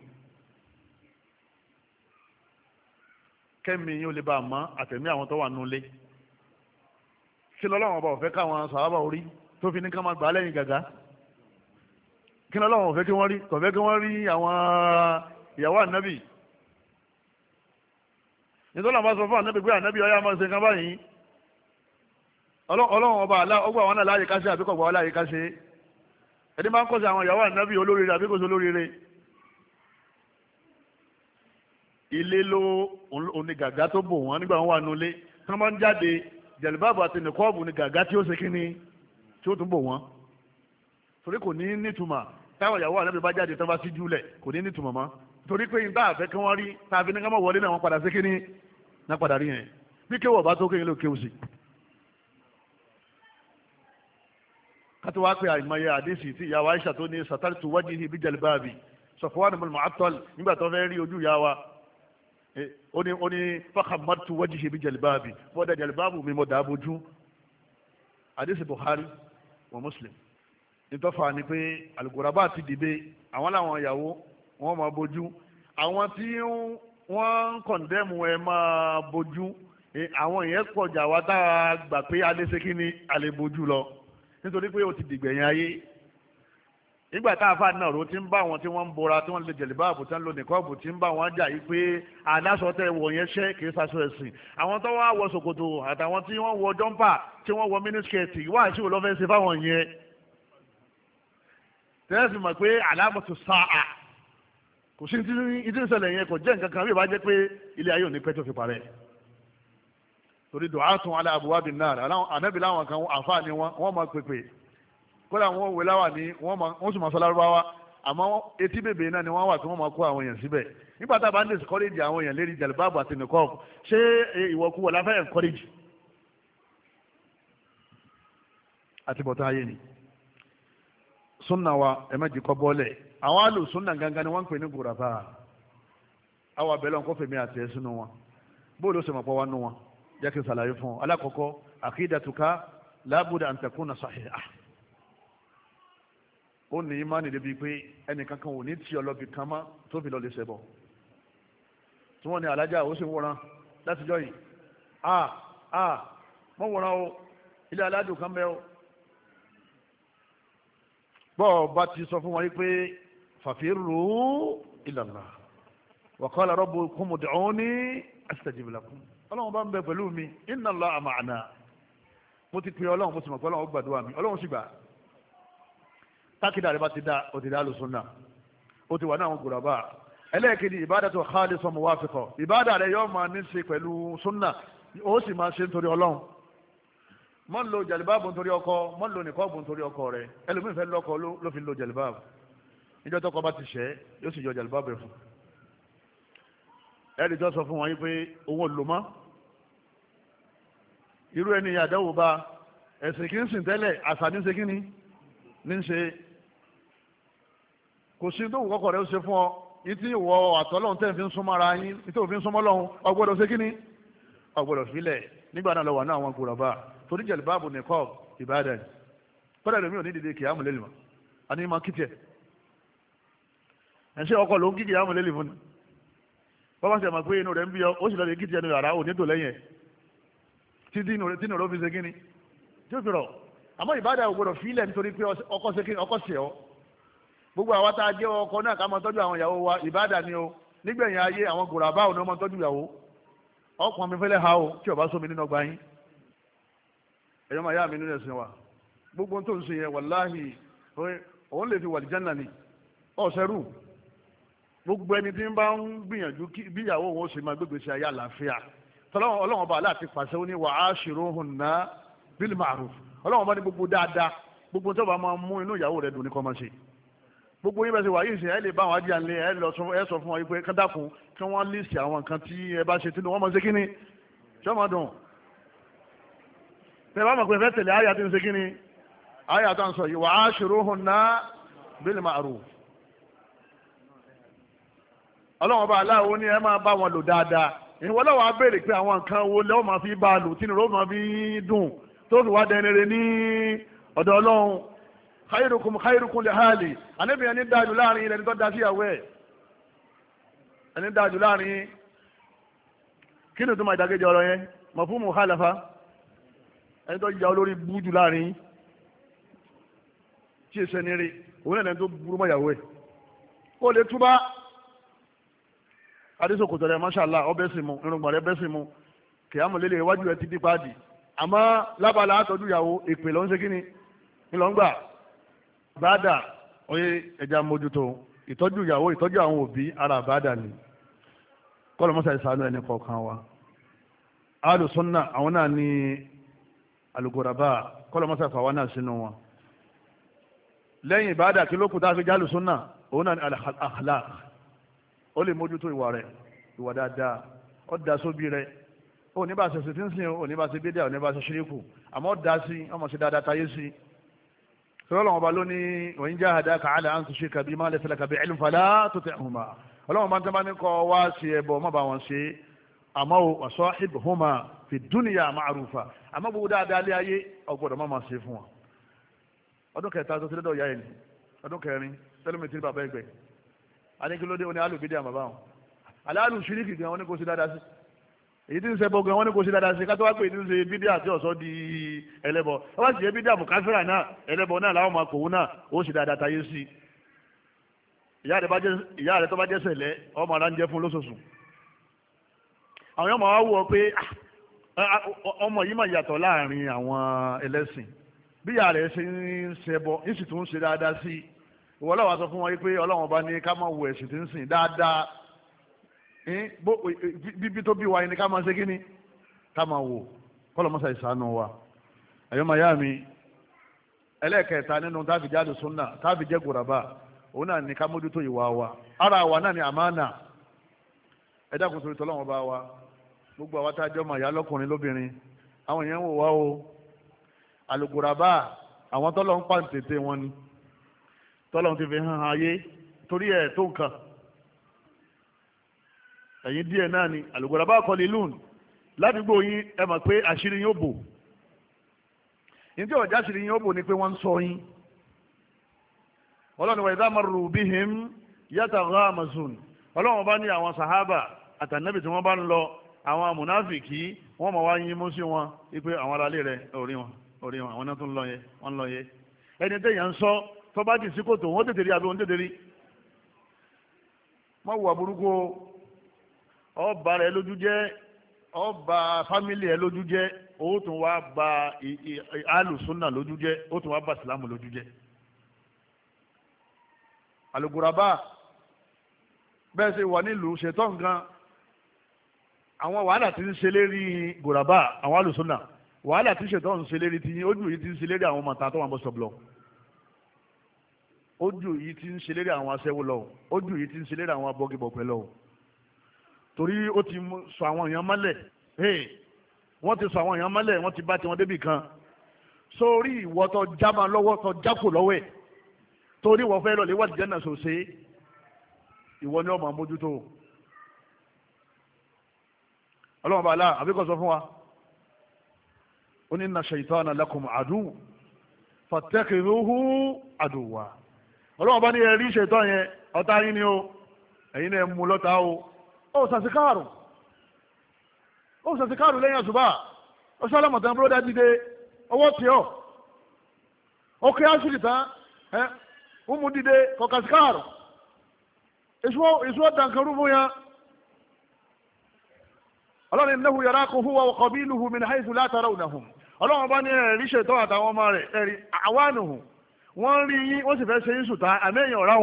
kẹ́mi yóò lè bá a mọ́ àtẹ̀mí àwọn tó wà nulẹ̀ kí lọ́lọ́wọ́n ọba ọ̀fẹ́ káwọn sàábà orí tó fi ní ká máa gbà á lẹ́yìn gàgá kí lọ́lọ́wọ́n ọ̀fẹ́ kí wọ́n rí kọ̀fẹ́ kí wọ́n rí àwọn ìyàwó ànábì nítorí àwọn bá sọ fún ànábì pé ànábì ọyá máa ń ṣe nǹkan báyìí ọlọ́run ọba àlá ọgbà wọn náà láàyè ká ṣe àbíkọ̀ gbà wọn láàyè ká ṣe ẹni máa ń kọ́sẹ̀ àwọn ìyàwó ànábì olóríire àbíkọ̀ sí olóríire ilé ló onígàgá tó bò wọ́n nígbà wọn wà nulẹ̀ tí wọ́n bá ń jáde jẹ̀lìbáàbù àti nìkọ́ọ̀bù ni gàgá tí ó ṣe kíní tí ó tún bò wọ́n torí kò ní nítumọ̀ táwọn ìyàwó àlẹ́ mi bá jáde tó bá sí júlẹ̀ kò ní nítumọ̀ mọ́ torí pé yín tá àfẹ́ kí wọ́n rí tá a fi ní ká mọ̀ wọlé náà wọ́n padà sí kíní náà padà rí yẹn bí kéwọ̀ bá tó kéyìn ló kéwù sí. kátó wá pé àìmọye àdéhìsì tí ìyàwó Aisha tó ní sàtàlì tó wájú ibi jẹ̀lìbáàbì Safwan Eh, ó ní ó ní fakamatu wajhi bi jalbabi mo da jalbabu mi mo da bojú hadisi Bukhari wa Muslim nítọ́fà ni pé alugoraba ti dìbe àwọn làwọn ìyàwó wọn máa bojú àwọn tí wọ́n ń kọ̀ndẹ́mù ẹ̀ máa bojú eh, àwọn yẹn pọ̀ jà wá tá a gbà pé alẹ́ ṣe kí ni alẹ́ bojú lọ nítorí pé o ti dìgbẹ̀yìn ayé nígbà tá a fa náà ro ti ń bá wọn tí wọ́n ń bora tí wọ́n lè jẹ̀lẹ̀ báàbò tí wọ́n lò nìkan ọ̀bù tí ń bá wọn jà yìí pé aláṣọ tẹ wọ̀ yẹn ṣẹ́ kì í ṣaṣọ ẹ̀sìn àwọn tó wá wọ ṣòkòtò àtàwọn tí wọ́n wọ jọ́mpà tí wọ́n wọ mínísíkẹ̀tì wá àṣìwò lọ́fẹ́ ṣe fáwọn yẹn tẹ́sí mọ̀ pé alámọ̀tò sáà kò sí ti ti ń yẹn kò jẹ́ nǹkan kan bí ìbá jẹ́ pé ilé kódà àwọn òwe láwà ní wọ́n sì máa sọ lárúbáwá etí bèbè náà ni wọ́n wà tí wọ́n máa kó àwọn èèyàn síbẹ̀ nígbà tá a bá ń discourage àwọn èèyàn lérí jàlùbáàbù àti nìkọ́ọ̀ ṣé e, ìwọ̀kuwọ̀ láfẹ́ encourage àti bọ̀tá ayé ni sunna wa ẹ má jìkọ́ bọ́ọ̀lẹ̀ àwọn àlù sunna gangan ni wọ́n ń pè ní gùràbà àwọn abẹ́lẹ́ wọn kò fèmí àti ẹ̀ sínú wọn bóòlù ó sì mọ̀ pọ̀ wá nú wọn jẹ́ kí n ṣàlàyé fún ọ alákọ̀ọ́kọ́ àkídàtúkà láàbùdà àǹtẹ̀kùn náà sàhíhà ó ní ìmánì débi pé ẹnìkan kan ò ní tí ọlọ́bì kan mọ́ tó fi lọ lè ṣẹbọ tí wọ́n ní alájà ó sì wòran látijọ́ yìí a a mọ́ wòran o ilé aládùn kan bẹ́ o bọ́ọ̀ bá ti sọ fún wọn pé fàfírù ìlànà wàkọ́lá rọ́bù kúmùdùn ní àṣìṣàjìbìlàkùn ọlọ́run bá ń bẹ pẹ̀lú mi inna Allah mo ti pe ọlọ́run mo sì mọ̀ pé ọlọ́run gbàdúrà mi ọlọ́run sì gbà á tákìdá rẹ bá ti dá o ti dá lùsùnà o ti wà ní àwọn gùràbà ẹlẹ́ẹ̀kejì ìbádà tó xaalẹ̀ sọmọ wá fi kọ ìbádà rẹ yóò máa ní ṣe pẹ̀lú súnà ó sì máa ṣe nítorí ọlọ́run má lo jàlibáàbù nítorí ọkọ má lo nìkọ́ọ̀bù nítorí ọkọ rẹ ẹlòmíì fẹ́ lọ́kọ ló fi lo jàlibáàbù níjọ́ tọkọ bá ti ṣẹ́ yóò sì yọ jàlibáàbù rẹ fún ẹ̀ẹ́dì tó sọ fún wọn yìí pé òun ò mọ́ irú ẹni àdáwò bá ẹ̀sìn kì í sìn tẹ́lẹ̀ àṣà ní ṣe kí ni ní ṣe kò sí tó kọ́kọ́ rẹ̀ ó ṣe fún ọ yìí tí ìwọ àtọ́lọ́hún tẹ́ fi ń súnmọ́ ara yín yìí tó súnmọ́ lọ́hún ọgbọ́dọ̀ ṣe kíní ọgbọ́dọ̀ sílẹ̀ nígbà náà lọ́wọ́ náà àwọn gbòòràbà torí báàbù nìkọ́ ìbàdàn pẹ́rẹ́ lómi ò ní dìde mọ́ ma ló ń kí fún ni bọ́bá ṣe mọ̀ pé inú rẹ̀ ń bí ọ gbogbo àwa tá a jẹ́ ọkọ náà ká máa tọ́jú àwọn ìyàwó wa ìbáàdà ni o nígbẹ̀yìn ayé àwọn gòràbá ò ní máa tọ́jú ìyàwó ọkùnrin mi fẹ́lẹ́ ha o tí o bá sómi nínú ọgbà yín ẹ̀yọ́ máa yá mi nínú ẹ̀sìn wa gbogbo tó ń sìn yẹn wàláhì òun lè fi wà lìjánà ni ọ̀sẹ̀rù gbogbo ẹni tí ń bá ń gbìyànjú bí ìyàwó òun ó sì máa gbégbèsè ayé àlàáfíà tọ́lọ́wọ́n ọlọ́wọ́n bá aláàtì pàṣẹ ó ní wà á gbogbo tó bá máa mú inú ìyàwó rẹ̀ dùn ní kọ́ gbogbo yín bẹ́ẹ̀ ṣe wà yìí ṣe ẹ lè bá àwọn ajíyàn lé ẹ lọ sọ fún ọ yìí pé kádàkùn kí wọ́n lísì àwọn nǹkan tí ẹ bá ṣe tí wọ́n mọ̀ ṣe kíni ṣé ọmọ dùn tẹ bá mọ̀ pé fẹ́ tẹ̀lé àyà tí ń ṣe kíni àyà tó ń sọ yìí wà á ṣòro hùn ná bil ma'ruf ọlọ́wọ́n bá aláwo ní ẹ máa bá wọn lò dáadáa ìwọ lọ́wọ́ á béèrè pé àwọn nǹkan wo lẹ́wọ̀n máa fi bá a lò khairukum khairukum li hali ànábì ẹni dájú láàrin ilẹ̀ nítorí dájú ìyàwó ẹ̀ ẹni dájú láàrin kí ni tó máa ìdákejì ọ̀rọ̀ yẹn mọ̀ fún muhalafa ẹni tó yà olórí bújú láàrin tí èso ẹni rí òun náà tó burú mọ́ ìyàwó ẹ̀ ó lè túbá adésokòtò rẹ̀ mashala ọbẹ̀ sì mu irungbọ̀n rẹ̀ bẹ́ sì mu kìámù lélẹ̀ iwájú ẹ̀ ti dípa dì àmọ́ lábala àtọ́jú ìyàwó ìpè lọ́n ṣe kíni ńlọ́ngbà bàdà oye ẹja mójútó ìtọ́jú ìyàwó ìtọ́jú àwọn òbí ara bàdà ni kọ́lọ̀ mọ́sàá ìsànú ẹni kọ̀ọ̀kan wa alùsọ́nà àwọn náà ní alùgọ́ràbà kọ́lọ̀ mọ́sàá fàwa náà sínú wọn lẹ́yìn ìbáàdà kí ló kù táa fi jálù òun náà ni al-akhlaq ó lè mójútó ìwà rẹ̀ ìwà dáadáa ó da sóbi rẹ̀ ó ní bá ṣe ṣe tí ń sìn ó ní bá ṣe bídíà ó ní bá ṣe ṣíríkù àmọ́ ó da sí ọmọ ṣe dáadáa táyé sí sọ́lọ́wọ́n ọba ló ní òyìn jẹ́ àdá kàálà à ń sọ ṣe kàbí máa lẹ́sẹ̀ lẹ́kàbí ẹ̀lú fàlà tó tẹ̀ hùmà ọlọ́wọ́n bá ń tẹ́bá ní kọ́ wá sí ẹbọ má bá wọn ṣe àmọ́ wa sahib hùmà fi dúnìyà ma'rufa àmọ́ gbogbo dáadáa lé ayé ọgbọ́dọ̀ má máa ṣe fún wọn. ọdún kẹta tó ti lọ́dọ̀ ya ẹni ọdún kẹrin tẹlifíntì e tí ń ṣe gbogbo wọn ní kò ṣe dáadáa ṣe kátó wá pé èyí tí ń ṣe bídíà àti ọ̀sọ́ di ẹlẹ́bọ ẹ wá sì ṣe bídíà àmùkáfíra náà ẹlẹ́bọ náà láwọn máa kòwú náà ó sí i fún lóṣooṣù àwọn yóò máa wá pé ah, ah, ah, ọmọ yìí máa yàtọ̀ láàrin àwọn bí ìyá rẹ ṣe ń sì tún sí i ìwọ sọ fún wọn pé ọlọ́wọ́n bá ní ká má wo ẹ̀sìn tí ń sìn bíbí tó bí wa ni ká máa ṣe kí ni ká máa wò kọ́lọ̀ mọ́sá ìsànú wa yá mi ẹlẹ́ẹ̀kẹta nínú táàfi jáde súnà táàfi jẹ́ gòràbà òun náà ní ká mójútó ìwà wa ara wa náà ni àmánà ẹ dákun torí tọ́lọ́wọ́n bá wa gbogbo àwa tá a jọ́ mọ̀ ìyá lọ́kùnrin lóbìnrin àwọn èèyàn ń wò wá o àlùgòràbà àwọn tọ́lọ́ pàǹtẹ̀tẹ̀ wọn ni ti fi hàn ẹ̀yin díẹ̀ náà ni àlùgbàdàbà kọ́lé lóun ládùúgbò yín ẹ mọ̀ pé àṣírí yín ó bò nítorí ọ̀já àṣírí yín ó bò ni pé wọ́n ń sọ yín ọlọ́run wàyí dáhùn rù bí him yàtà ọ̀rọ̀ amazon ọlọ́run bá ní àwọn sahaba àtànẹ́bì tí wọ́n bá ń lọ àwọn amúnáfìkì wọ́n mọ̀ wá yín mú sí wọn wípé àwọn aráalé rẹ̀ orí wọn orí wọn àwọn náà tún lọ yẹ wọ́n lọ yẹ ẹni téèyàn ń sọ tó sí kòtò wọ́n tètè rí àbí wọ́n tètè rí má wù àbúrúkú ọ bà rẹ lójú jẹ́ ọ bà fámìlì ẹ lójú jẹ́ ó tún wá bà alùsùnà lójú jẹ́ ó tún wá bà sìlámù lójú jẹ́ alùgùràbà bẹ́ẹ̀ ṣe wà nílùú ṣètò nǹkan àwọn wàhálà tí ń ṣe lérí gùràbà àwọn alùsùnà wàhálà tí ṣètò ń ṣe lérí ti yín ojú yìí ti ń ṣe lérí àwọn màtá tó wà ń bọ̀ sọ̀bùlọ̀ ojú yìí ti ń ṣe lérí àwọn aṣẹ́wó lọ ojú yìí ti ń ṣe lérí àwọn abọ́gibọ̀pẹ̀ lọ torí ó ti sọ àwọn èèyàn mọ́lẹ̀ wọ́n ti sọ àwọn èèyàn mọ́lẹ̀ wọ́n ti bá tiwọn débì kan sórí ìwọ tó jábà lọ́wọ́ tó jákò lọ́wọ́ ẹ̀ torí wọ́n fẹ́ lọ lè wà lìjẹ́ náà sòsè ìwọ ni ọmọ àmójútó ọlọ́run bàálà àbíkọ́ sọ fún wa ó ní inna shaytana lakum àdúù fattakhidhuhu àdùwà ọlọ́run bá ní ẹ̀rí ṣètọ́ yẹn ọ̀tá yín ni ó ẹ̀yin náà mú lọ́ta o. ó sàṣìkáàrù ó sàṣìkáàrù lẹ́yìn àṣùbà ó sálọ̀mọ̀ tán búrọ́dá dìde ọwọ́ tí ọ́ ó kí áṣìlì tán ẹ́ ó mú dìde kọ̀ kàṣìkáàrù èṣù ó dànkarú fún yẹn ọlọ́run ináhu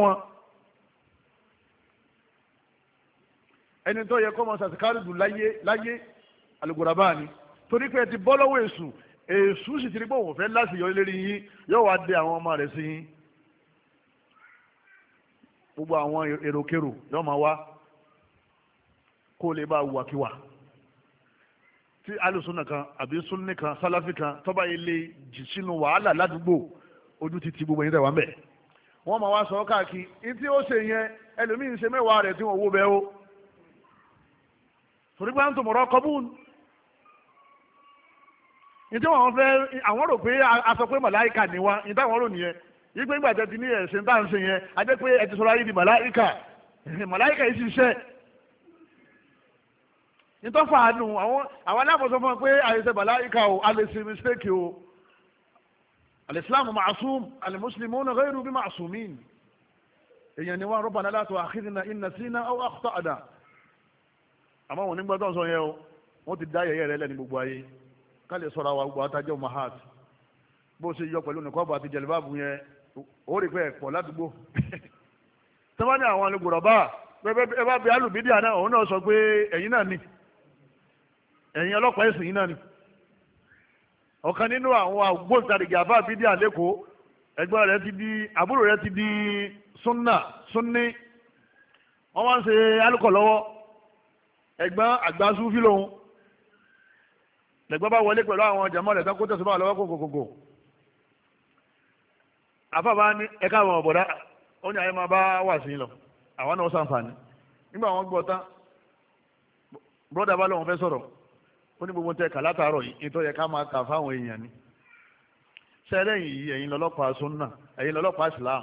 wọn ẹni tó yẹ kó mọ sàtìkárì dùn láyé láyé àlùgòràbá ni torí pé ẹ ti bọ́ lọ́wọ́ èṣù èṣù sì ti rí pé òun fẹ́ láti yọ lérí yín yóò wá de àwọn ọmọ rẹ̀ sí yín gbogbo àwọn èròkérò yóò máa wá kó lè bá wùwàkiwà tí alùsùnà kan àbí súnni kan sálàfì kan tọ́ba yìí jì sínú wàhálà ládùúgbò ojú ti ti gbogbo yín tẹ̀ ń bẹ̀ wọ́n máa wá sọ káàkiri ní ó ṣe yẹn ẹlòmíín ṣe mẹ́wàá rẹ̀ tí wọ́n wó bẹ́ẹ̀ o torí pé àǹtò mọ̀rọ̀ kọ́bùn nítorí àwọn fẹ́ àwọn rò pé a sọ pé màláìkà ni wa nítorí àwọn rò nìyẹn yìí pé ìgbà tẹ̀sí ní ẹ̀sìn tá à ń sìn yẹn a jẹ́ pé ẹ ti sọ̀rọ̀ ayé di màláìkà màláìkà yìí ṣiṣẹ́ nítorí fàánù àwọn aláàbọ̀sọ fún wa pé àyẹ̀sẹ̀ màláìkà o a mistake o alìsílámù màásùm alìmùsùlùmí ghayru bí màásùmí èèyàn ni wọn rọ́bà náà látọ̀ akhidna inna sina aw akhta'na àmọ́ wọn nígbà tó sọ yẹn o wọ́n ti dá yẹ̀yẹ́ rẹ lẹ́ni gbogbo ayé ká lè sọ̀rọ̀ àwọn gbogbo àtàjọ mahat bó ṣe yọ pẹ̀lú nìkọ́bù àti jẹ̀lẹ́bàbù yẹn ó rí ládùúgbò ẹ bá bẹ alùbídíà náà òun náà sọ pé ẹ̀yin náà ni ẹ̀yin ọlọ́pàá ẹ̀sìn yìí náà ni ọ̀kan nínú àwọn agbóǹtarìgì àbá lẹ́kọ̀ọ́ ẹgbẹ́ rẹ ti di àbúrò rẹ ti di sunna sunni wọ́n wá ń ṣe alùkọ̀ ẹ̀gbọ́n àgbà súfì lòun lẹ́gbọ́n bá wọlé pẹ̀lú àwọn jàmọ́ rẹ̀ sákó tẹ̀sùn bá lọ́wọ́ kòkòkò afábá ní ẹ̀ka àwọn ọ̀bọ̀dá ó ní ayé máa bá wà sí lọ àwọn náà sàǹfààní nígbà wọn gbọ́ tán bọ́dà bá lọ́wọ́ fẹ́ sọ̀rọ̀ ó ní gbogbo tẹ kà yìí nítorí ẹ̀ka máa kà fáwọn èèyàn ni sẹ́lẹ̀ yìí ẹ̀yin lọ́lọ́pàá sunna ẹ̀yin lọ́lọ́pàá islam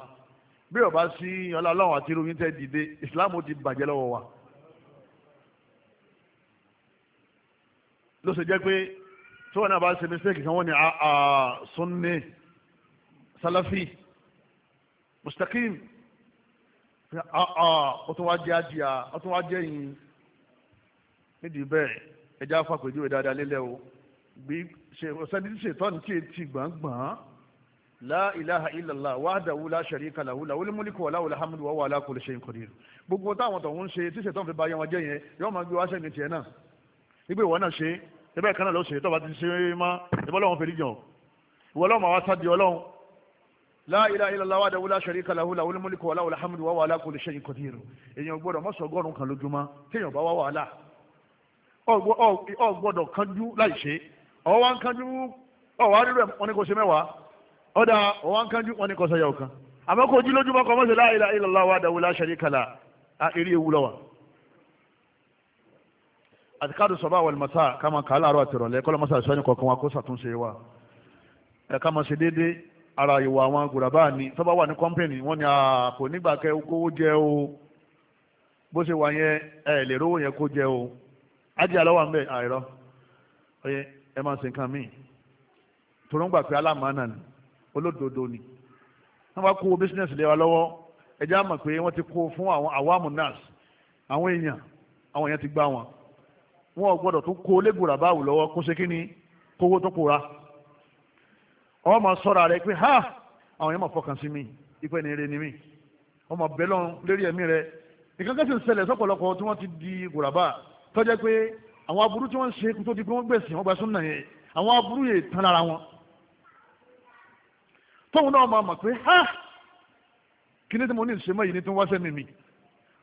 bí ọba sí ọlá ọlọ́run àti irú yín tẹ́ dìde islam ti bàjẹ́ lọ́wọ́ wa ló ṣe jẹ́ pé tí wọ́n náà bá ṣe mistake kan wọ́n ní ah, ah, sunni salafi mustaqim ah, ó tún wá jẹ́ ajíya ó tún wá jẹ́ yìí nídìí bẹ́ẹ̀ ẹja fàpèjúwe dáadáa lélẹ̀ o bí ṣètọ́ni tí ṣètọ́ni tí ti gbọ̀ngbọ̀n la ilaha illallah wahdahu la sharika lahu lahul mulku wa lahul hamdu wa huwa ala kulli shay'in qadir gbogbo táwọn tó ń ṣe tí ṣètọ́n fi ba yẹn wọn jẹ́ yẹn yọ́n máa gbé wá sẹ́yìn tiẹ̀ náà wípé ìwọ náà ṣe síbẹ̀ kan náà ló ṣe tó bá ti ṣe má ìbọn lọ́wọ́ fèrè jàn ìwọ lọ́wọ́ máa wá sádi ọlọ́run la ilaha illallah wahdahu la sharika lahu lahul mulku wa lahul hamdu wa huwa ala kulli shay'in qadir èèyàn gbọ́dọ̀ mọ́sọ̀ ọgọ́rùn kan lójúmọ́ téèyàn bá wá wàhálà ọ gbọ́dọ̀ kánjú láì ṣe ọ wá ń kánjú ọ wá rírọ wọn ni kò ṣe mẹ́wàá ọ dà ọ wá ń kánjú wọn ni kò ṣe àtikáàdù sọ̀bá wal masá ká máa kà á láàárọ̀ àti ìrọ̀lẹ́ kọ́lọ́ masá ìṣọ́ni kọ̀ọ̀kan wa kó ṣàtúnṣe wa ẹ̀ ká máa ṣe ara ìwà àwọn gùràbá ni tó bá wà ní kọ́ńpìnì wọ́n ní kò nígbà kẹ́ kówó jẹ́ o bó ṣe wà yẹn ẹ̀ e, lè rówó yẹn kó jẹ́ o ájì àlọ́wà ń bẹ̀ àìrọ́ ọyẹ ẹ máa ṣe e nǹkan míì tòróngbà pé alámàánà ni olódodo ni wọ́n bá kó àwọn èèyàn àwọn èèyàn ti gbá wọn wọn ò gbọ́dọ̀ tún kó lẹ́gùn ràbáwù lọ́wọ́ kó ṣe kí ni kówó tó kóra ọwọ́ máa sọ́ra rẹ pé ha àwọn yẹn máa fọkàn sí mi ìpẹ́ ni eré ni mi ọmọ bẹ́lọ́n lérí ẹ̀mí rẹ nǹkan kẹ́sì ń ṣẹlẹ̀ sọ́pọ̀lọpọ̀ tí wọ́n ti di gòràbà tọ́jẹ́ pé àwọn aburú tí wọ́n ń ṣe tó di pé wọ́n gbẹ̀sìn wọ́n gba súnà yẹn àwọn aburú yẹn tán lára wọn tóun náà máa mọ̀ pé ha kí ni tí mo ní ìṣe mọ́ yìí ni tí wọ́n wá sẹ́mi mi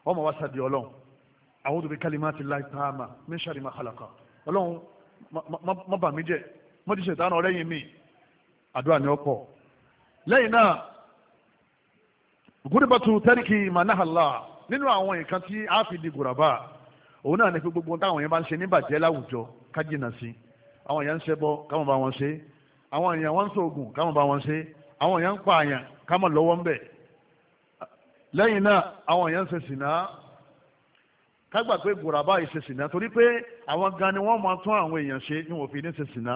ọmọ wa sàdí ọlọ́run a'udhu bi kalimatillahi taama min sharri ma khalaqa ọlọ́run má bà mí jẹ́ mo ti ṣètàn ọ̀rẹ́yìn mi àdúrà ni ó pọ̀ lẹ́yìn náà gúdìbàtú tẹ́ríkì manahàlá nínú àwọn nǹkan tí a fi di gùràbà òun náà ní pé gbogbo táwọn yẹn bá ń ṣe níbàjẹ́ láwùjọ ká jìnnà sí àwọn èèyàn ń ṣẹbọ káwọn bá wọn ṣe àwọn èèyàn wọn ń ṣoògùn káwọn bá wọn ṣe àwọn èèyàn ń pa àyàn káwọn lọ́wọ́ ń bẹ̀ lẹ́yìn náà àwọn èèyàn ń ṣe sìnà kágbà pé gùràbá yìí ṣe sìnà torí pé àwọn gan ni wọ́n máa tún àwọn èèyàn ṣe ní wọ́n ní ṣe sìnà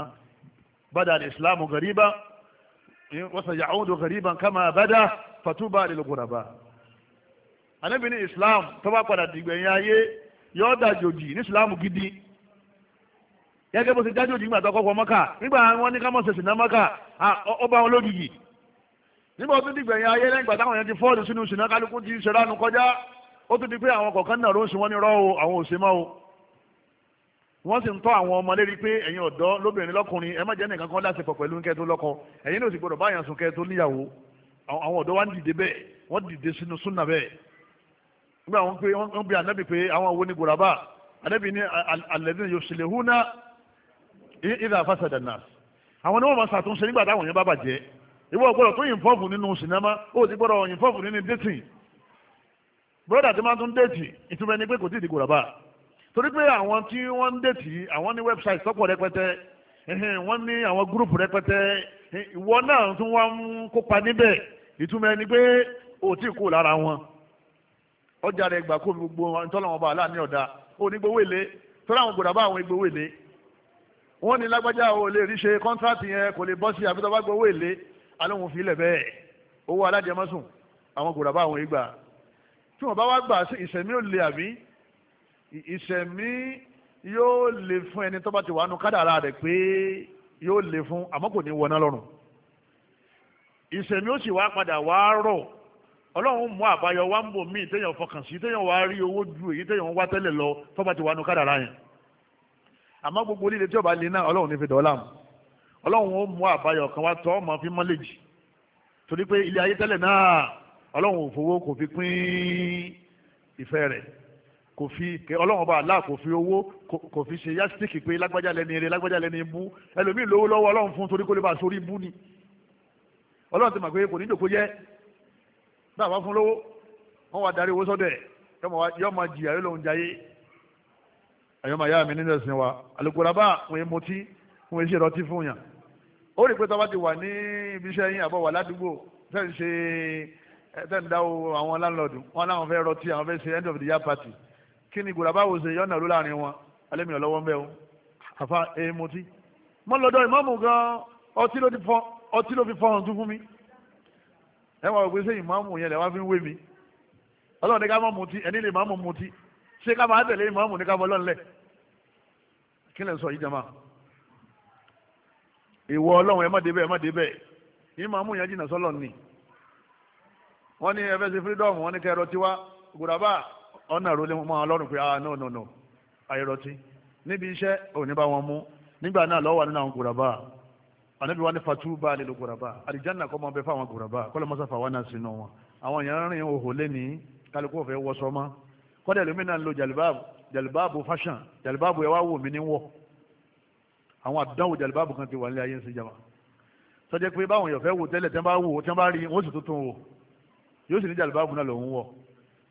bada islam gariba wa sayaudu gariban kama bada fatuba lil gùràbá anábì ní islam tó bá padà dìgbẹ̀yìn ayé yóò dàjòjì ní islam gidi gẹ́gẹ́ bó ṣe dájòjì nígbà tó kọ́kọ́ mọ́kà nígbà wọn ní ká má ṣe sìnà mọ́kà ó bá wọn lójijì nígbà tó dìgbẹ̀yìn ayé lẹ́yìn ó tún di pé àwọn kọ̀ọ̀kan náà ló ń sin wọ́n ní rọ́ o àwọn ò ṣe mọ́ o wọ́n sì ń tọ́ àwọn ọmọ lérí pé ẹ̀yin ọ̀dọ́ lóbìnrin lọ́kùnrin ẹ má jẹ́ nìkan kan láṣepọ̀ pẹ̀lú kẹ́ tó lọ́kọ ẹ̀yin náà sì gbọ́dọ̀ báyàn sùn kẹ́ tó níyàwó àwọn ọ̀dọ́ wa ń dìde bẹ́ẹ̀ wọ́n dìde sínú súnà bẹ́ẹ̀ nígbà wọn pé wọ́n bí anabi pé àwọn wo ni gbòràbà anabi ní alẹ́dín yuslihuna idha fasada nas àwọn ni máa ṣàtúnṣe nígbà táwọn yẹn bá bàjẹ́ ìwọ gbọ́dọ̀ tó yìnbọn nínú sinimá ó ti gbọ́dọ̀ yìnbọn nínú dating bọ́dà tí máa tún déètì ìtumọ̀ ẹni pé kò tíì di gòràbà torí pé àwọn tí wọ́n ń déètì àwọn ní wẹ́bsáìtì sọ́pọ̀ rẹpẹtẹ wọ́n ní àwọn gúrùpù rẹpẹtẹ ìwọ náà tún wá ń kópa níbẹ̀ ìtumọ̀ ẹni pé ò tí ì kó lára wọn ọjà rẹ̀ gbà kó gbogbo ntọ́lọ́wọ́n bá aláàánú ọ̀dà ó ní gbowó èlé tọ́lá àwọn gòràbà àwọn gbowó èlé wọ́n ní lágbájá ò lè rí ṣe kọ́ńtrátì yẹn kò lè bọ́ sí àfitọ́ bá gbowó èlé alóhùn fi tí wọ́n bá wá gbà sí ìṣẹ̀mí ò lè àbí ìṣẹ̀mí yóò lè fún ẹni tó bá ti wà nù kádàrá rẹ̀ pé yóò lè fún àmọ́ kò ní wọná lọ́rùn ìṣẹ̀mí ó sì wá padà wá rọ̀ ọlọ́run mú àbáyọ wá ń bò míì téèyàn fọkàn sí téèyàn wá rí owó ju èyí téèyàn wá tẹlẹ lọ tó bá ti wà nù kádàrá yẹn àmọ́ gbogbo líle tí ọba bá lè náà ọlọ́run ní fi dọ́là mu ọlọ́run ó mú àbáyọ kan wá tọ́ ọmọ fi mọ́lẹ̀jì torí pé ilé ayé tẹ́lẹ̀ náà ọlọ́run ò fowó kò fi pín ìfẹ́ rẹ̀ kò fi ọlọ́run ọba àlá kò fi owó kò fi ṣe yásítìkì pé lágbájá lẹni eré lágbájá lẹni ibú ẹlòmíì lówó lọ́wọ́ ọlọ́run fún torí kó lè bá sórí ibú ni ọlọ́run ti mọ̀ pé kò ní jòkó jẹ́ bá a bá fún lówó wọ́n wá darí owó sọ́dọ̀ ẹ̀ yọ́ máa jìyà yóò lóun jayé àyọ́mọ ayá mi nínú ẹ̀sìn wa àlùkòràbá òun mutí òun ṣe rọtí fún yàn ó rí pé tọ́ba ẹ̀tẹ́ ń dáwọ́ àwọn láńlọ́ọ̀dù wọn láwọn fẹ́ rọtí àwọn fẹ́ ṣe end of the year party kí ni gbòdà báwo ṣe yọ̀nà ló láàrin wọn alẹ́mi ọ̀lọ́wọ́ ń bẹ́ o àfa èèmù tí mọ́ lọ́dọ̀ ìmọ̀mù gan ọtí ló fi fọ́ ọ̀hún tún fún mi ẹ wà wípé ṣé ìmọ̀mù yẹn lè wá fi ń wé mi ọlọ́run ní ká mọ̀ mutí ẹni lè mọ̀mù mutí ṣé ká máa tẹ̀lé ìmọ̀mù ní ká bọ́ ọlọ́run lẹ̀ kí lè sọ yìí jama ìwọ ọlọ́run ẹ má débẹ̀ ẹ má débẹ̀ ìmọ̀mù yẹn jìnnà sọ́lọ́ ni wọ́n ní ẹfẹ́ sí freedom wọ́n ní kẹrọ tiwa gùdàbà ọ̀nà ìrọ̀lẹ́ mọ́ ọlọ́run pé ah no no no àìrọ̀tí níbi iṣẹ́ òní bá wọn mú nígbà náà lọ́wọ́ nínú àwọn gùdàbà ànábi wa ní fatu bá lè lo gùdàbà àlìjáná kọ́ mọ́ bẹ fáwọn gùdàbà kọ́lọ́ mọ́sá fà wá náà sínú wọn àwọn èèyàn rìn òhò lẹ́ni kálukú ọ̀fẹ́ wọ sọ́mọ́ kọ́dẹ̀ lómi náà lo jàlibáàbù jàlibáàbù fashion jàlibáàbù ẹ wá wò mí ní wọ̀ àwọn àdánwò jàlibáàbù kan ti wà nílé ayé ń sèjàmà sọ́jẹ́ pé yóò sì ní jàlùbáàbù náà lòun wọ̀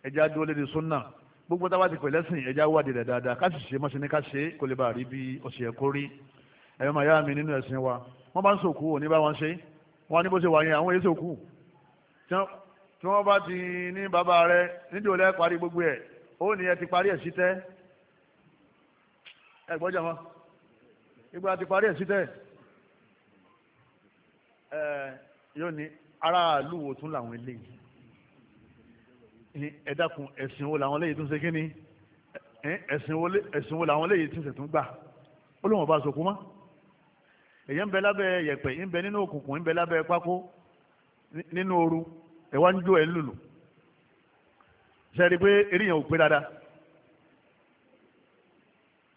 ẹja dúró lédi súnà gbogbo táwa ti pẹ̀lẹ́ sìn ẹja wádìí rẹ̀ dáadáa ká sì ṣe mọ́ṣẹ́ ní ká ṣe kó lè bá rí bí ọ̀sẹ̀ ẹ̀kọ́ rí ẹ̀yọ́ màá yá mi nínú ẹ̀sìn wa wọ́n bá ń sòkú òní bá wọn ṣe wọn ní bó ṣe wà yẹn àwọn èso kù tí wọ́n bá ti ní bàbá rẹ nídìí olẹ́ parí gbogbo ẹ̀ ó ní ẹ ti parí ẹ̀ sí tẹ́ ẹ gbọ́jà wọn ìgbà ti parí ẹ̀ sí tẹ́ ẹ yóò ní aráàlú wo tún làwọn eléyìí ẹ dákun ẹ̀sìn wo làwọn léyìí tó ń ṣe kí ni ẹ̀sìn wo làwọn léyìí tó ń ṣètún gbà ó lóun ọba àsòkú mọ́ èyí ń bẹ lábẹ́ yẹ̀pẹ̀ ń bẹ nínú òkùnkùn ń bẹ lábẹ́ pákó nínú ooru ẹ̀ ń jó ẹ̀ ń lùlù sẹ́ni pé eré ò pé dáadáa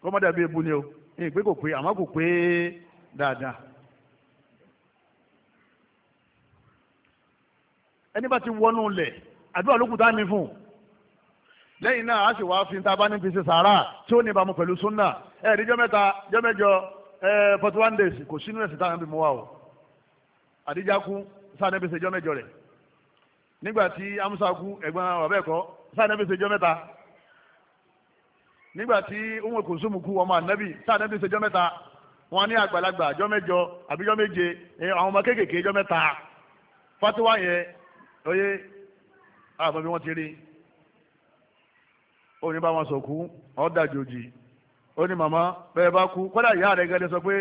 kọ́mọ́dà bíi ebu ni o ìpè kò pé àmọ́ kò pé dáadáa. ẹni bá ti wọnú lẹ̀ àdúrà lókùn tá a ní fún lẹ́yìn náà a sì wá fi ta bá ní fi ṣe sàárà tí ó ní ìbámu pẹ̀lú súnà ẹ̀ ẹ̀dí jọ́mẹ́ta jọ́mẹ́jọ ẹ̀ forty one days kò sínú ẹ̀sìn táwọn ẹbí mu wá o àdíjá kú sáà níbi ìṣèjọ́ mẹ́jọ rẹ̀ nígbà tí amusa kú ẹ̀gbọ́n bàbá ẹ̀kọ́ sáà níbi ìṣèjọ́ mẹ́ta nígbà tí umu kùsùmù kú ọmọ ànábì sáà níbi ìṣèjọ́ mẹ́ta wọn ní àgbàlagbà jọ́ mẹ́jọ àbíjọ́ méje àwọn ọmọ kéékèèké jọ́ mẹ́ta fatiwa yẹn oye àmọ́ ah, bí wọ́n ti rí ó ní bá wọn sọ̀kú ọ̀dà jòjì ó màmá bẹ́ẹ̀ bá kú kọ́dà ìyá rẹ̀ gẹ́gẹ́ sọ pé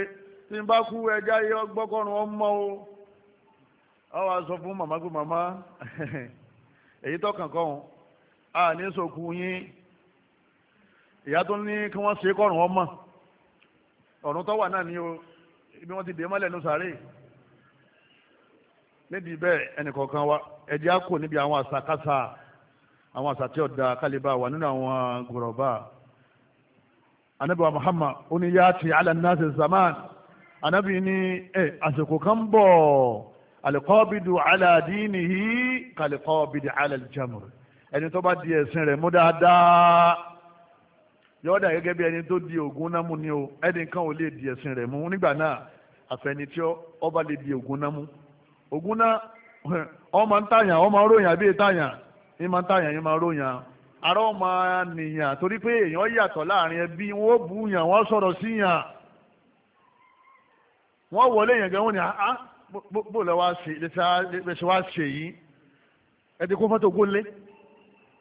tí n bá kú ẹja yọ gbọ́kọ̀rùn ọmọ o ọ wá sọ fún màmá pé màmá èyí a ní sọ̀kú yín ìyá tó ní kí wọ́n ṣe ọmọ ọ̀run tó wà náà ni o ibi wọ́n ti dè mọ́lẹ̀ sàárè bẹ́ẹ̀ wa. ẹ̀jẹ̀ á kò níbi àwọn àṣàkáṣà àwọn àṣà tí ó da kálíbà wà nínú àwọn gùrọ̀bà anabi wa muhammad ó ní zaman anabi ní ẹ àsìkò kan bọ̀ alikọ́bìdù aládìníhì kàlikọ́bìdù alàlìjàmùrù ẹni tó bá di ẹ̀sìn rẹ̀ mú dáadáa yọ̀ọ́dà gẹ́gẹ́ bí ẹni tó di ògùn náà ni o ẹnìkan ò lè di ẹ̀sìn rẹ̀ mú nígbà náà àfẹnití ọba lè di ògùn náà ògùn náà ọ ma tàyàn ọmọ ròyìn àbí ìtàyàn ní máa ń tàyàn ní máa ròyìn ara ọmọ nìyàn torí pé èèyàn yàtọ̀ láàrin ẹbí wọn bú yàn wọn sọ̀rọ̀ sí yàn wọn wọlé yàn wọn ni ah, ah bó wá ṣe ṣe wá ṣe yìí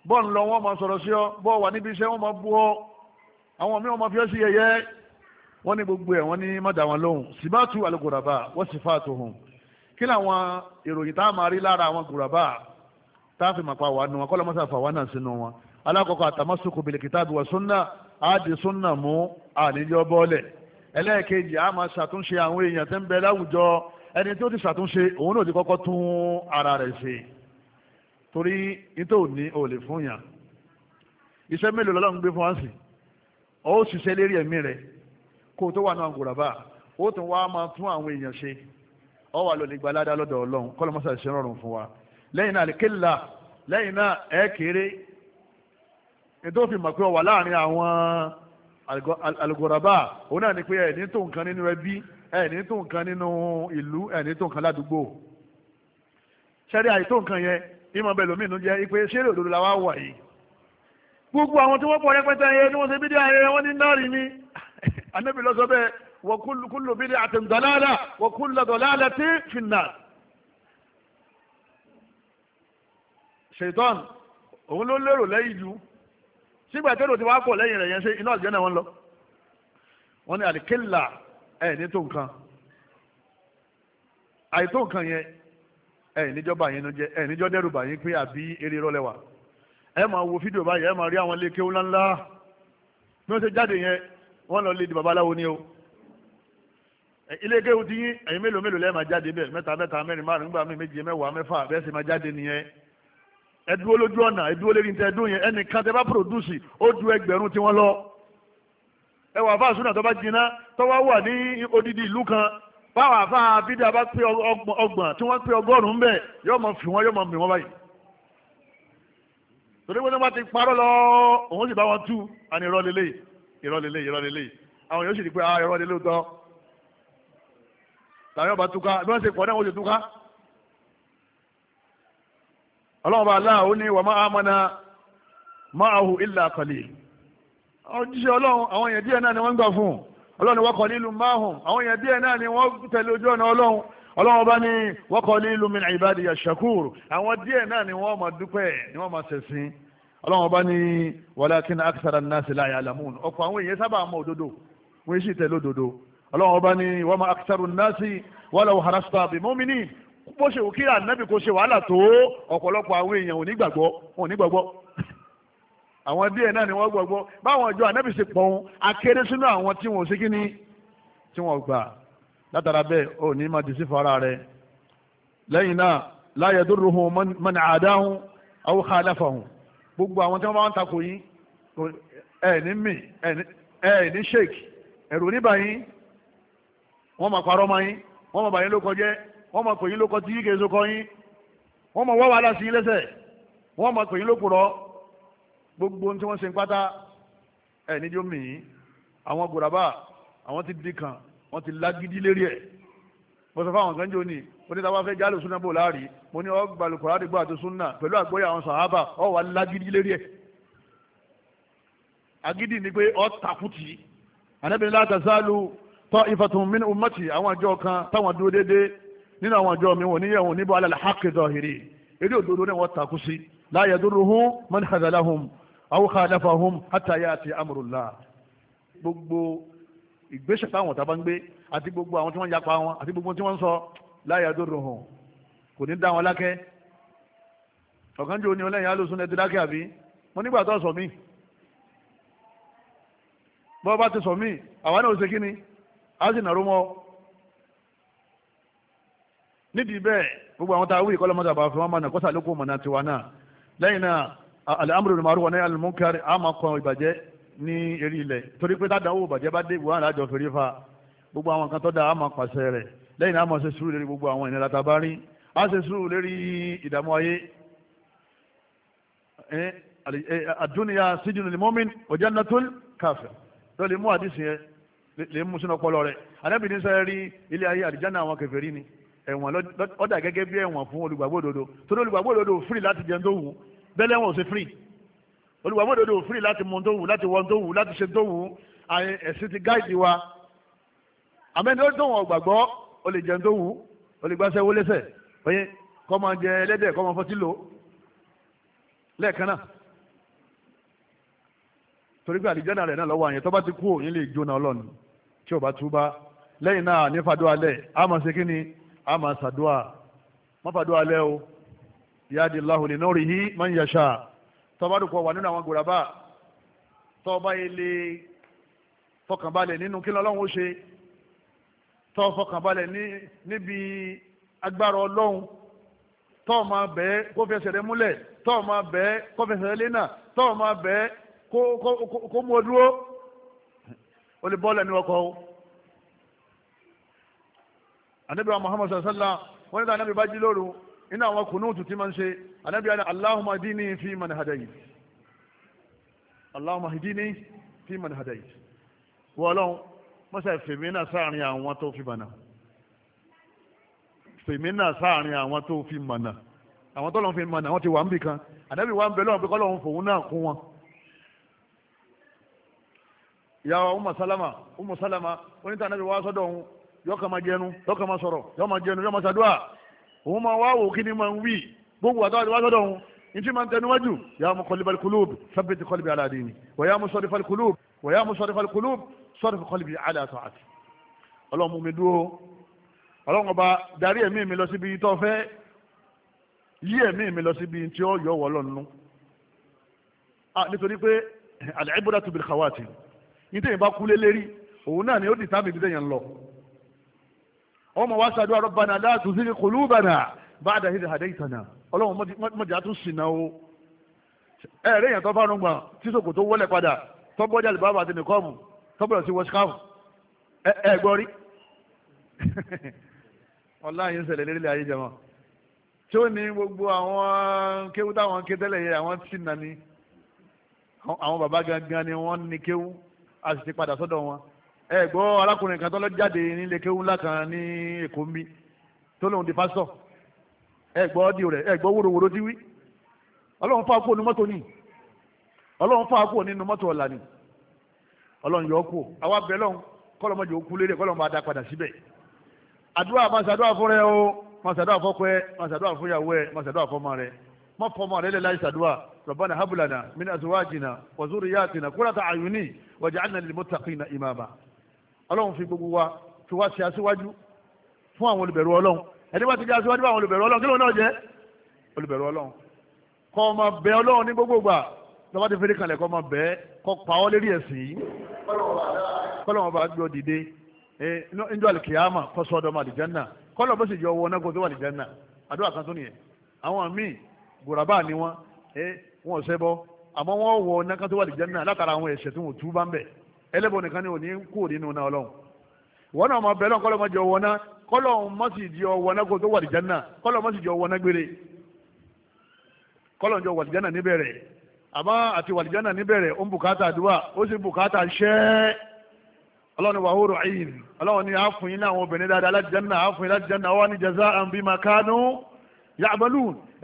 gólé wọn sọ̀rọ̀ sí ọ bọ́ọ̀ wà níbi iṣẹ́ wọn máa ọ àwọn míì wọn máa fi ọ sí yẹ̀yẹ́ wọn gbogbo wọn má wọn lóhùn sì kí làwọn ìròyìn tá a máa rí lára àwọn gùràbà tá a fi màpá wà nù wọn kọ́lá mọ́sá fàwọn náà sínú wọn alákọ̀ọ́kọ́ àtàmọ́sùkù bìlìkìtàbí wa súnà á di súnà mú àníjọ́ bọ́ọ̀lẹ̀ ẹlẹ́ẹ̀kejì a máa ṣàtúnṣe àwọn èèyàn tó ń bẹ láwùjọ ẹni tí ó ti ṣàtúnṣe òun náà ti kọ́kọ́ tún ara rẹ̀ ṣe torí nítorí òní ò fún yàn iṣẹ́ mélòó lọ́lọ́run gbé fún wa sí ó ṣiṣẹ́ ọ wà lónìí gba ládàá lọ́dọ̀ ọlọ́run kọ́lọ́ mọ́sá ṣe rọrùn fún wa lẹ́yìn náà àlìkélà lẹ́yìn náà ẹ kéré ètò òfin mọ̀ pé ọ wà láàrin àwọn alugoraba òun náà ni pé ẹ̀ ní tó nǹkan nínú ẹbí ẹ̀ ní tó nǹkan nínú ìlú ẹ̀ ní tó nǹkan ládùúgbò ṣẹ́rí àìtó nǹkan yẹn ìmọ̀ bẹ́ẹ̀ lómìnú jẹ́ ipe ṣẹ́rí òdodo la wá wà yìí gbogbo àwọn tí wọ́n pọ̀ rẹpẹtẹ yẹn ni wọ́n ṣe bídí ayẹyẹ wọ́n ní náà rí ni anábì lọ́sọ bẹ́ẹ̀ وكل كل بدعة ضلالة وكل ضلالة في النار شيطان òun ló lérò lẹ́yìn jù sígbà tẹ́lò ti wá pọ̀ lẹ́yìn rẹ̀ yẹn ṣe iná àlùjẹ́ náà wọ́n lọ wọ́n ní àlìkélà ẹ̀ ní tó nǹkan àìtó nǹkan yẹn ẹ̀ níjọba yẹn ló jẹ ẹ̀ níjọ dẹ́rù bàyín pé àbí eré rọlẹ́wà ẹ̀ máa wo fídíò báyìí ẹ̀ máa rí àwọn ilé kéwú ńláńlá bí wọ́n ṣe jáde yẹn wọ́n lọ lé di babaláwo ní o ilege kéwù ti yín ẹ̀yin mélòó mélòó lẹ́ẹ̀ máa jáde bẹ́ẹ̀ mẹ́ta mẹ́ta mẹ́rin márùn gbà mí méje mẹ́wàá mẹ́fà bẹ́ẹ̀ sì máa jáde nìyẹn ẹ dúró lójú ọ̀nà ẹ dúró lérí tẹ dún yẹn ẹnìkan tẹ bá pòròdúsì ó ju ẹgbẹ̀rún tí wọ́n lọ. ẹ wà fáà súnà tó bá jiná tó wá wà ní odidi ìlú kan báwa fáà bídà bá pé ọgbọ̀n tí wọ́n pé ọgọ́rùn-ún bẹ́ẹ̀ yóò mọ fi wọn yóò mọ mì wọn báyìí. torí pé wọ́n ti parọ́ lọ òun sì bá wọn tú àní ìrọ̀lẹ́lẹ́ ìrọ̀lẹ́lẹ́ ìrọ̀lẹ́lẹ́ àwọn yóò sì rí pé ah ìrọ̀lẹ́lẹ́ tán làwọn ọba túká bí wọ́n ṣe pọ̀ náà wọ́n ṣe túká ọlọ́run bá aláàwọ̀ ní wàmọ́ amọ́nà máàhù ilà àkọlẹ̀ ojúṣe ọlọ́run àwọn èèyàn díẹ̀ náà ni wọ́n ń gbà fún ọlọ́run wọ́kọ̀ nílùú máàhùn àwọn èèyàn díẹ̀ náà ni wọ́n tẹ̀lé ojú ọ̀nà ọlọ́run ọlọ́run bá ní wọ́kọ̀ nílùú min ibadiya shakur àwọn díẹ̀ náà ni wọ́n máa dúpẹ́ ni wọ́n máa ṣẹ̀sìn ọlọ́run bá ní walakin akthara nasi la ya'lamun ọ̀pọ̀ àwọn èèyàn sábà mọ òdodo wọ́n sì tẹ̀lé òdodo ọlọ́run ọba ní wa ma aktharu nnasi walau harasta bi mu'minin bó ṣe wù kí ànábì kò ṣe wàhálà tó ọ̀pọ̀lọpọ̀ àwọn èèyàn ò ní gbàgbọ́ ò ní gbàgbọ́ àwọn díẹ̀ náà ni wọ́n gbàgbọ́ báwọn ọjọ́ ànábì ṣe pọ̀ ohun akéré sínú àwọn tí wọ́n ṣe kí ni tí wọ́n gbà látara bẹ́ẹ̀ ò ní máa dìísí fara rẹ̀ lẹ́yìn náà la yadurruhum man adahum aw khalafahum gbogbo àwọn tí wọ́n bá ń takò yín ẹ̀ ní mì ẹ̀ ní ṣèkì ẹ̀rù níbàyín wọ́n máa parọ́ máa yín wọ́n máa bà yín lóko jẹ́ wọ́n máa pè yín lóko tí kèé sókọ yín wọ́n máa wá wàhálà sí yín lẹ́sẹ̀ wọ́n máa pè yín lóko rọ gbogbo tí wọ́n ṣe ń pátá ẹ̀ níjó mì í àwọn gòràbà àwọn ti di kan wọ́n ti lágídí lérí ẹ̀ mo sọ fáwọn kan jò ní onítàwọn afẹ́ jálò súnà bò láàrí mo ní ọgbà lùkọ́ àdìgbò àti súnà pẹ̀lú àgbóyè àwọn sàhábà ọ wà lágídí lérí ẹ̀ agídí ni pé ọ tàkùtì ànábìnrin látàzálù ta'ifatun min ummati àwọn àjọ kan táwọn dúró déédéé nínú àwọn àjọ mi wọn níyẹ̀wò níbo alal haqqi zahiri eré òdodo náà wọ́n takú sí la yadurruhum man khazalahum aw khalafahum hatta ya'ti amrullah gbogbo ìgbésẹ̀ táwọn ọ̀tá bá ń gbé àti gbogbo àwọn tí wọ́n yapa wọn àti gbogbo tí wọ́n ń sọ la yadurruhum kò ní dá wọn lákẹ́ ọ̀kánjọ́ ni ọlẹ́yìn alóòsùn ẹ̀dí lákẹ́ àbí mo nígbà tó sọ mí bọ́ bá ti sọ mí àwa náà ó ṣe kí ni á na nàró mọ́ nídìí bẹ́ẹ̀ gbogbo àwọn tá a wí kọ́lọ́ mọ́tà bá fún wa mọ́nà kọ́sà lóko mọ̀nà tiwa náà lẹ́yìn náà al-amru bil ma'ruf wa nahy anil munkar á máa kọ́ ìbàjẹ́ ní eré ilẹ̀ torí pé tádàwó ìbàjẹ́ bá dé ìwọ àlájọ fèrè fa gbogbo àwọn kan tó dáa á máa pàṣẹ rẹ̀ lẹ́yìn náà á máa ṣe sùúrù lérí gbogbo àwọn ìnira tá a bá rí á ṣe sùúrù lérí ìdààmú ayé àdúnyà eh, eh, sijnul mu'min wa jannatul kafir lọ́ọ́ lè mú sínú ọpọlọ rẹ̀ anábì ní sẹ́yìn rí ilé ayé àlìjáná àwọn kèfèrí ni ẹ̀wọ̀n ọ̀dà gẹ́gẹ́ bí ẹ̀wọ̀n fún olùgbàgbọ́ òdodo torí olùgbàgbọ́ òdodo free láti jẹun tó wù bẹ́lẹ̀ wọn ò ṣe free olùgbàgbọ́ òdodo free láti mu tó wù láti wọ́n tó wù láti ṣe tó wù ẹ̀sìn ti gáìdì wa àmẹ́ni ó dùn ọ̀gbàgbọ́ ó lè jẹun tó wù ó lè gbàṣẹ́ wọlé sẹ̀ oye kọ́ máa jẹ ẹlẹ́dẹ̀ kọ́ máa fọtí lò lẹ́ẹ̀kan náà torí pé àlìjáná rẹ̀ náà lọ́wọ́ àyẹ̀ tó bá ti kú òyìn lè jóná ọlọ́run tí ò bá túbá lẹ́yìn náà ní fàdúrà lẹ̀ a máa ṣe kí ni a máa ṣàdúrà má fàdúrà lẹ́ o yáàdì láhùlì náà rí hí máa ń yàṣà tọ́ba dùkọ̀ wà nínú àwọn gòràbà tọ́ba ilé fọkànbalẹ̀ nínú kí lọ́lọ́run ó ṣe tọ́ fọkànbalẹ̀ níbi agbára ọlọ́run tọ́ máa bẹ́ẹ̀ kó fẹsẹ̀ rẹ múlẹ̀ tọ́ máa bẹ́ẹ̀ kó fẹsẹ̀ rẹ lẹ́nà tọ́ máa bẹ́ẹ̀ kó mú ọ ó lè bọ́ lẹ́nu ọkọ̀ o anabi wa muhammad sallallahu alaihi wasallam wani da anabi ba ji lóru ina àwọn kunutu tí man ṣe anabi ana allahumma dini fi man hadayt allahumma dini fi man hadayt wọlọ́n mọ́sá fèmí náà sáàrin àwọn tó fi mọ̀nà fèmí náà sáàrin àwọn tó fi mọ̀nà àwọn tó lọ́n fi mọ̀nà wọ́n ti wà ń bì kan anabi wa ń bẹ lọ́wọ́ pé kọ́lọ́hún fòun náà kún wọn ìyàwó ọmọ sálámà ọmọ sálámà oníta náà fi wá sọ́dọ̀ òun yọ kàn máa jẹnu yọ kàn máa sọ̀rọ̀ yọ máa jẹnu yọ máa ṣàdúrà òun máa wá wò kí ni máa ń wí gbogbo àtàwọn àti wá sọ́dọ̀ òun ní tí máa ń tẹnuwájú yà á mú kọlíbal kulub sábẹ́tì kọlíbi ala dini wà yà á mú sọ̀rìfal kulub wà yà á mú ala ta'ati. ọlọ́run mi dúró ọlọ́run ọba darí ẹ̀mí mi lọ síbi tó fẹ́ yí ẹ̀mí mi lọ síbi tí ó yọ wọ́ lọ́nu. nítorí pé al-ibratu bil khawatim ní tẹ̀yìn bá kú lé lérí òun náà ni ó dìtàmì bí tẹ̀yìn lọ ọmọ wa ṣàdúrà rabbana la tuzigh qulubana ba'da idh hadaytana ọlọ́run mọ̀jà tún ṣìnà o ẹ̀rẹ́ èèyàn tó bá rún gbọ̀n tí sòkò tó wọlé padà tó bọ́jà lè bá bàtẹ́ nìkan mu tó bọ̀rọ̀ sí wọ́ṣíkàfù ẹ gbọ́ rí ọláyé ń ṣẹlẹ̀ lérí ayé jẹmọ́ tí ó ní gbogbo àwọn kéwú táwọn ké tẹ́lẹ̀ yẹ àwọn tí nà ní àwọn bàbá gangan ni wọ́n ní kéwú a sì ti padà sọ́dọ̀ wọn ẹ gbọ́ arákùnrin kan tọ́lọ́ jáde nílé kéwú ńlá kan ní èkó ń bí tó lóun di pásítọ̀ ẹ gbọ́ ọ́dí rẹ̀ ẹ gbọ́ wòrowòro ti wí ọlọ́run fà kúrò nínú mọ́tò ni ọlọ́run fà kúrò nínú mọ́tò ọ̀la ni ọlọ́run yọ ọ́ kúrò àwa bẹ̀ lọ́hùn kọ́lọ́mọdé ó kú lérè kọ́lọ́mọ adá padà síbẹ̀ àdúrà máa ṣàdúrà fún rẹ o máa ṣàdúrà fọ́kọ ẹ máa ṣàdúrà fún ìyàwó ẹ máa fọ́mọ rẹ má fọmọ rẹ lẹ láì ṣàdúrà rabbana habulana min azuwajina wa zuriyatina qurrata ayuni waj'alna lil muttaqina imama ọlọ́run fi gbogbo wa fi wá ṣe aṣíwájú fún àwọn olùbẹ̀rù ọlọ́run ẹni bá ti jẹ́ aṣíwájú fún àwọn olùbẹ̀rù ọlọ́run kí lóun náà jẹ́ olùbẹ̀rù ọlọ́run kọ́ ọmọ bẹ ọlọ́run ní gbogbo gbà lọ́wọ́ ti fẹ́rẹ́ kalẹ̀ kọ́ ọmọ bẹ kọ́ pa ọ́ lérí ẹ̀sìn yìí kọ́lọ́wọ́ bá gbọ́ dìde níjọ́ àlùkìyàmà kọ́ sọ́dọ̀ màlìjánà kọ́lọ́ bó sì yọ owó náà kó tó wà lìjánà àdúrà kan àwọn míì gòràbà ni wọn ẹ wọn ò ṣẹbọ àmọ́ wọn wọ náà kan tó wà lè a látara àwọn ẹ̀ṣẹ̀ tí wọ́n tú bá ń bẹ̀ ẹlẹ́bọ̀ nìkan ni ò ní kú nínú náà ọlọ́run wọn náà ọmọ bẹ́ẹ̀ gbere kọ́lọ́ mọ́jọ ọwọ náà kọ́lọ́ mọ́sìdì ọwọ́ náà kó tó wà náà gbére jọ wà àti wà ó ni obìnrin dáadáa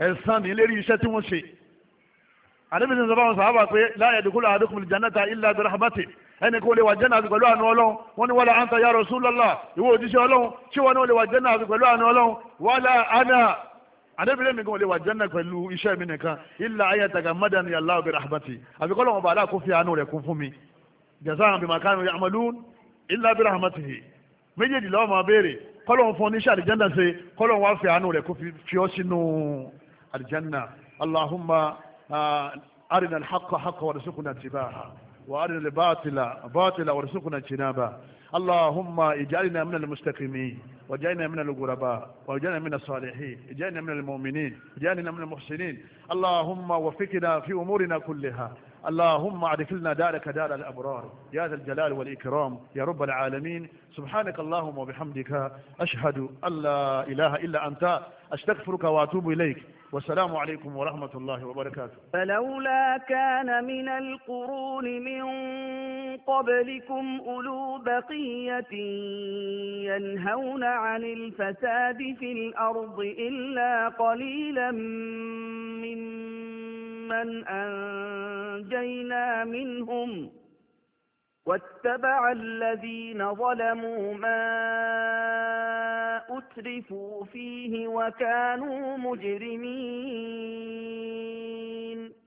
ẹ̀san ní lérí iṣẹ́ tí wọ́n ṣe àdébí ní sọ́bà wọn sàábà pé láyé dùkúlù àdúkùn jannata illa bi rahmati ẹni kò lè wà jẹ́nà àti pẹ̀lú àánú ọlọ́run wọ́n ní wala anta ya Rasulullah ìwọ òjíṣẹ́ ọlọ́run tí wọ́n ní lè wà jẹ́nà àti pẹ̀lú àánú ọlọ́run wala ana àdébí lèmi kan lè wà jẹ́nà pẹ̀lú iṣẹ́ mi nìkan illa ayataka madani Allah bi rahmati àfikọ́lọ́ wọn bàálà kó fi àánú rẹ̀ kún fún mi jazaan bima kanu ya'malun illa الجنة اللهم آه، أرنا الحق حقا وارزقنا اتباعه وأرنا الباطل باطلا وارزقنا اتنابا اللهم اجعلنا من المستقيمين واجعلنا من الغرباء واجعلنا من الصالحين اجعلنا من المؤمنين اجعلنا من المحسنين اللهم وفقنا في أمورنا كلها اللهم لنا دارك دار الأبرار يا ذا الجلال والإكرام يا رب العالمين سبحانك اللهم وبحمدك أشهد أن لا إله إلا أنت أستغفرك وأتوب إليك والسلام عليكم ورحمة الله وبركاته فلولا كان من القرون من قبلكم أولو بقية ينهون عن الفساد في الأرض إلا قليلا ممن أنجينا منهم واتبع الذين ظلموا ما أترفوا فيه وكانوا مجرمين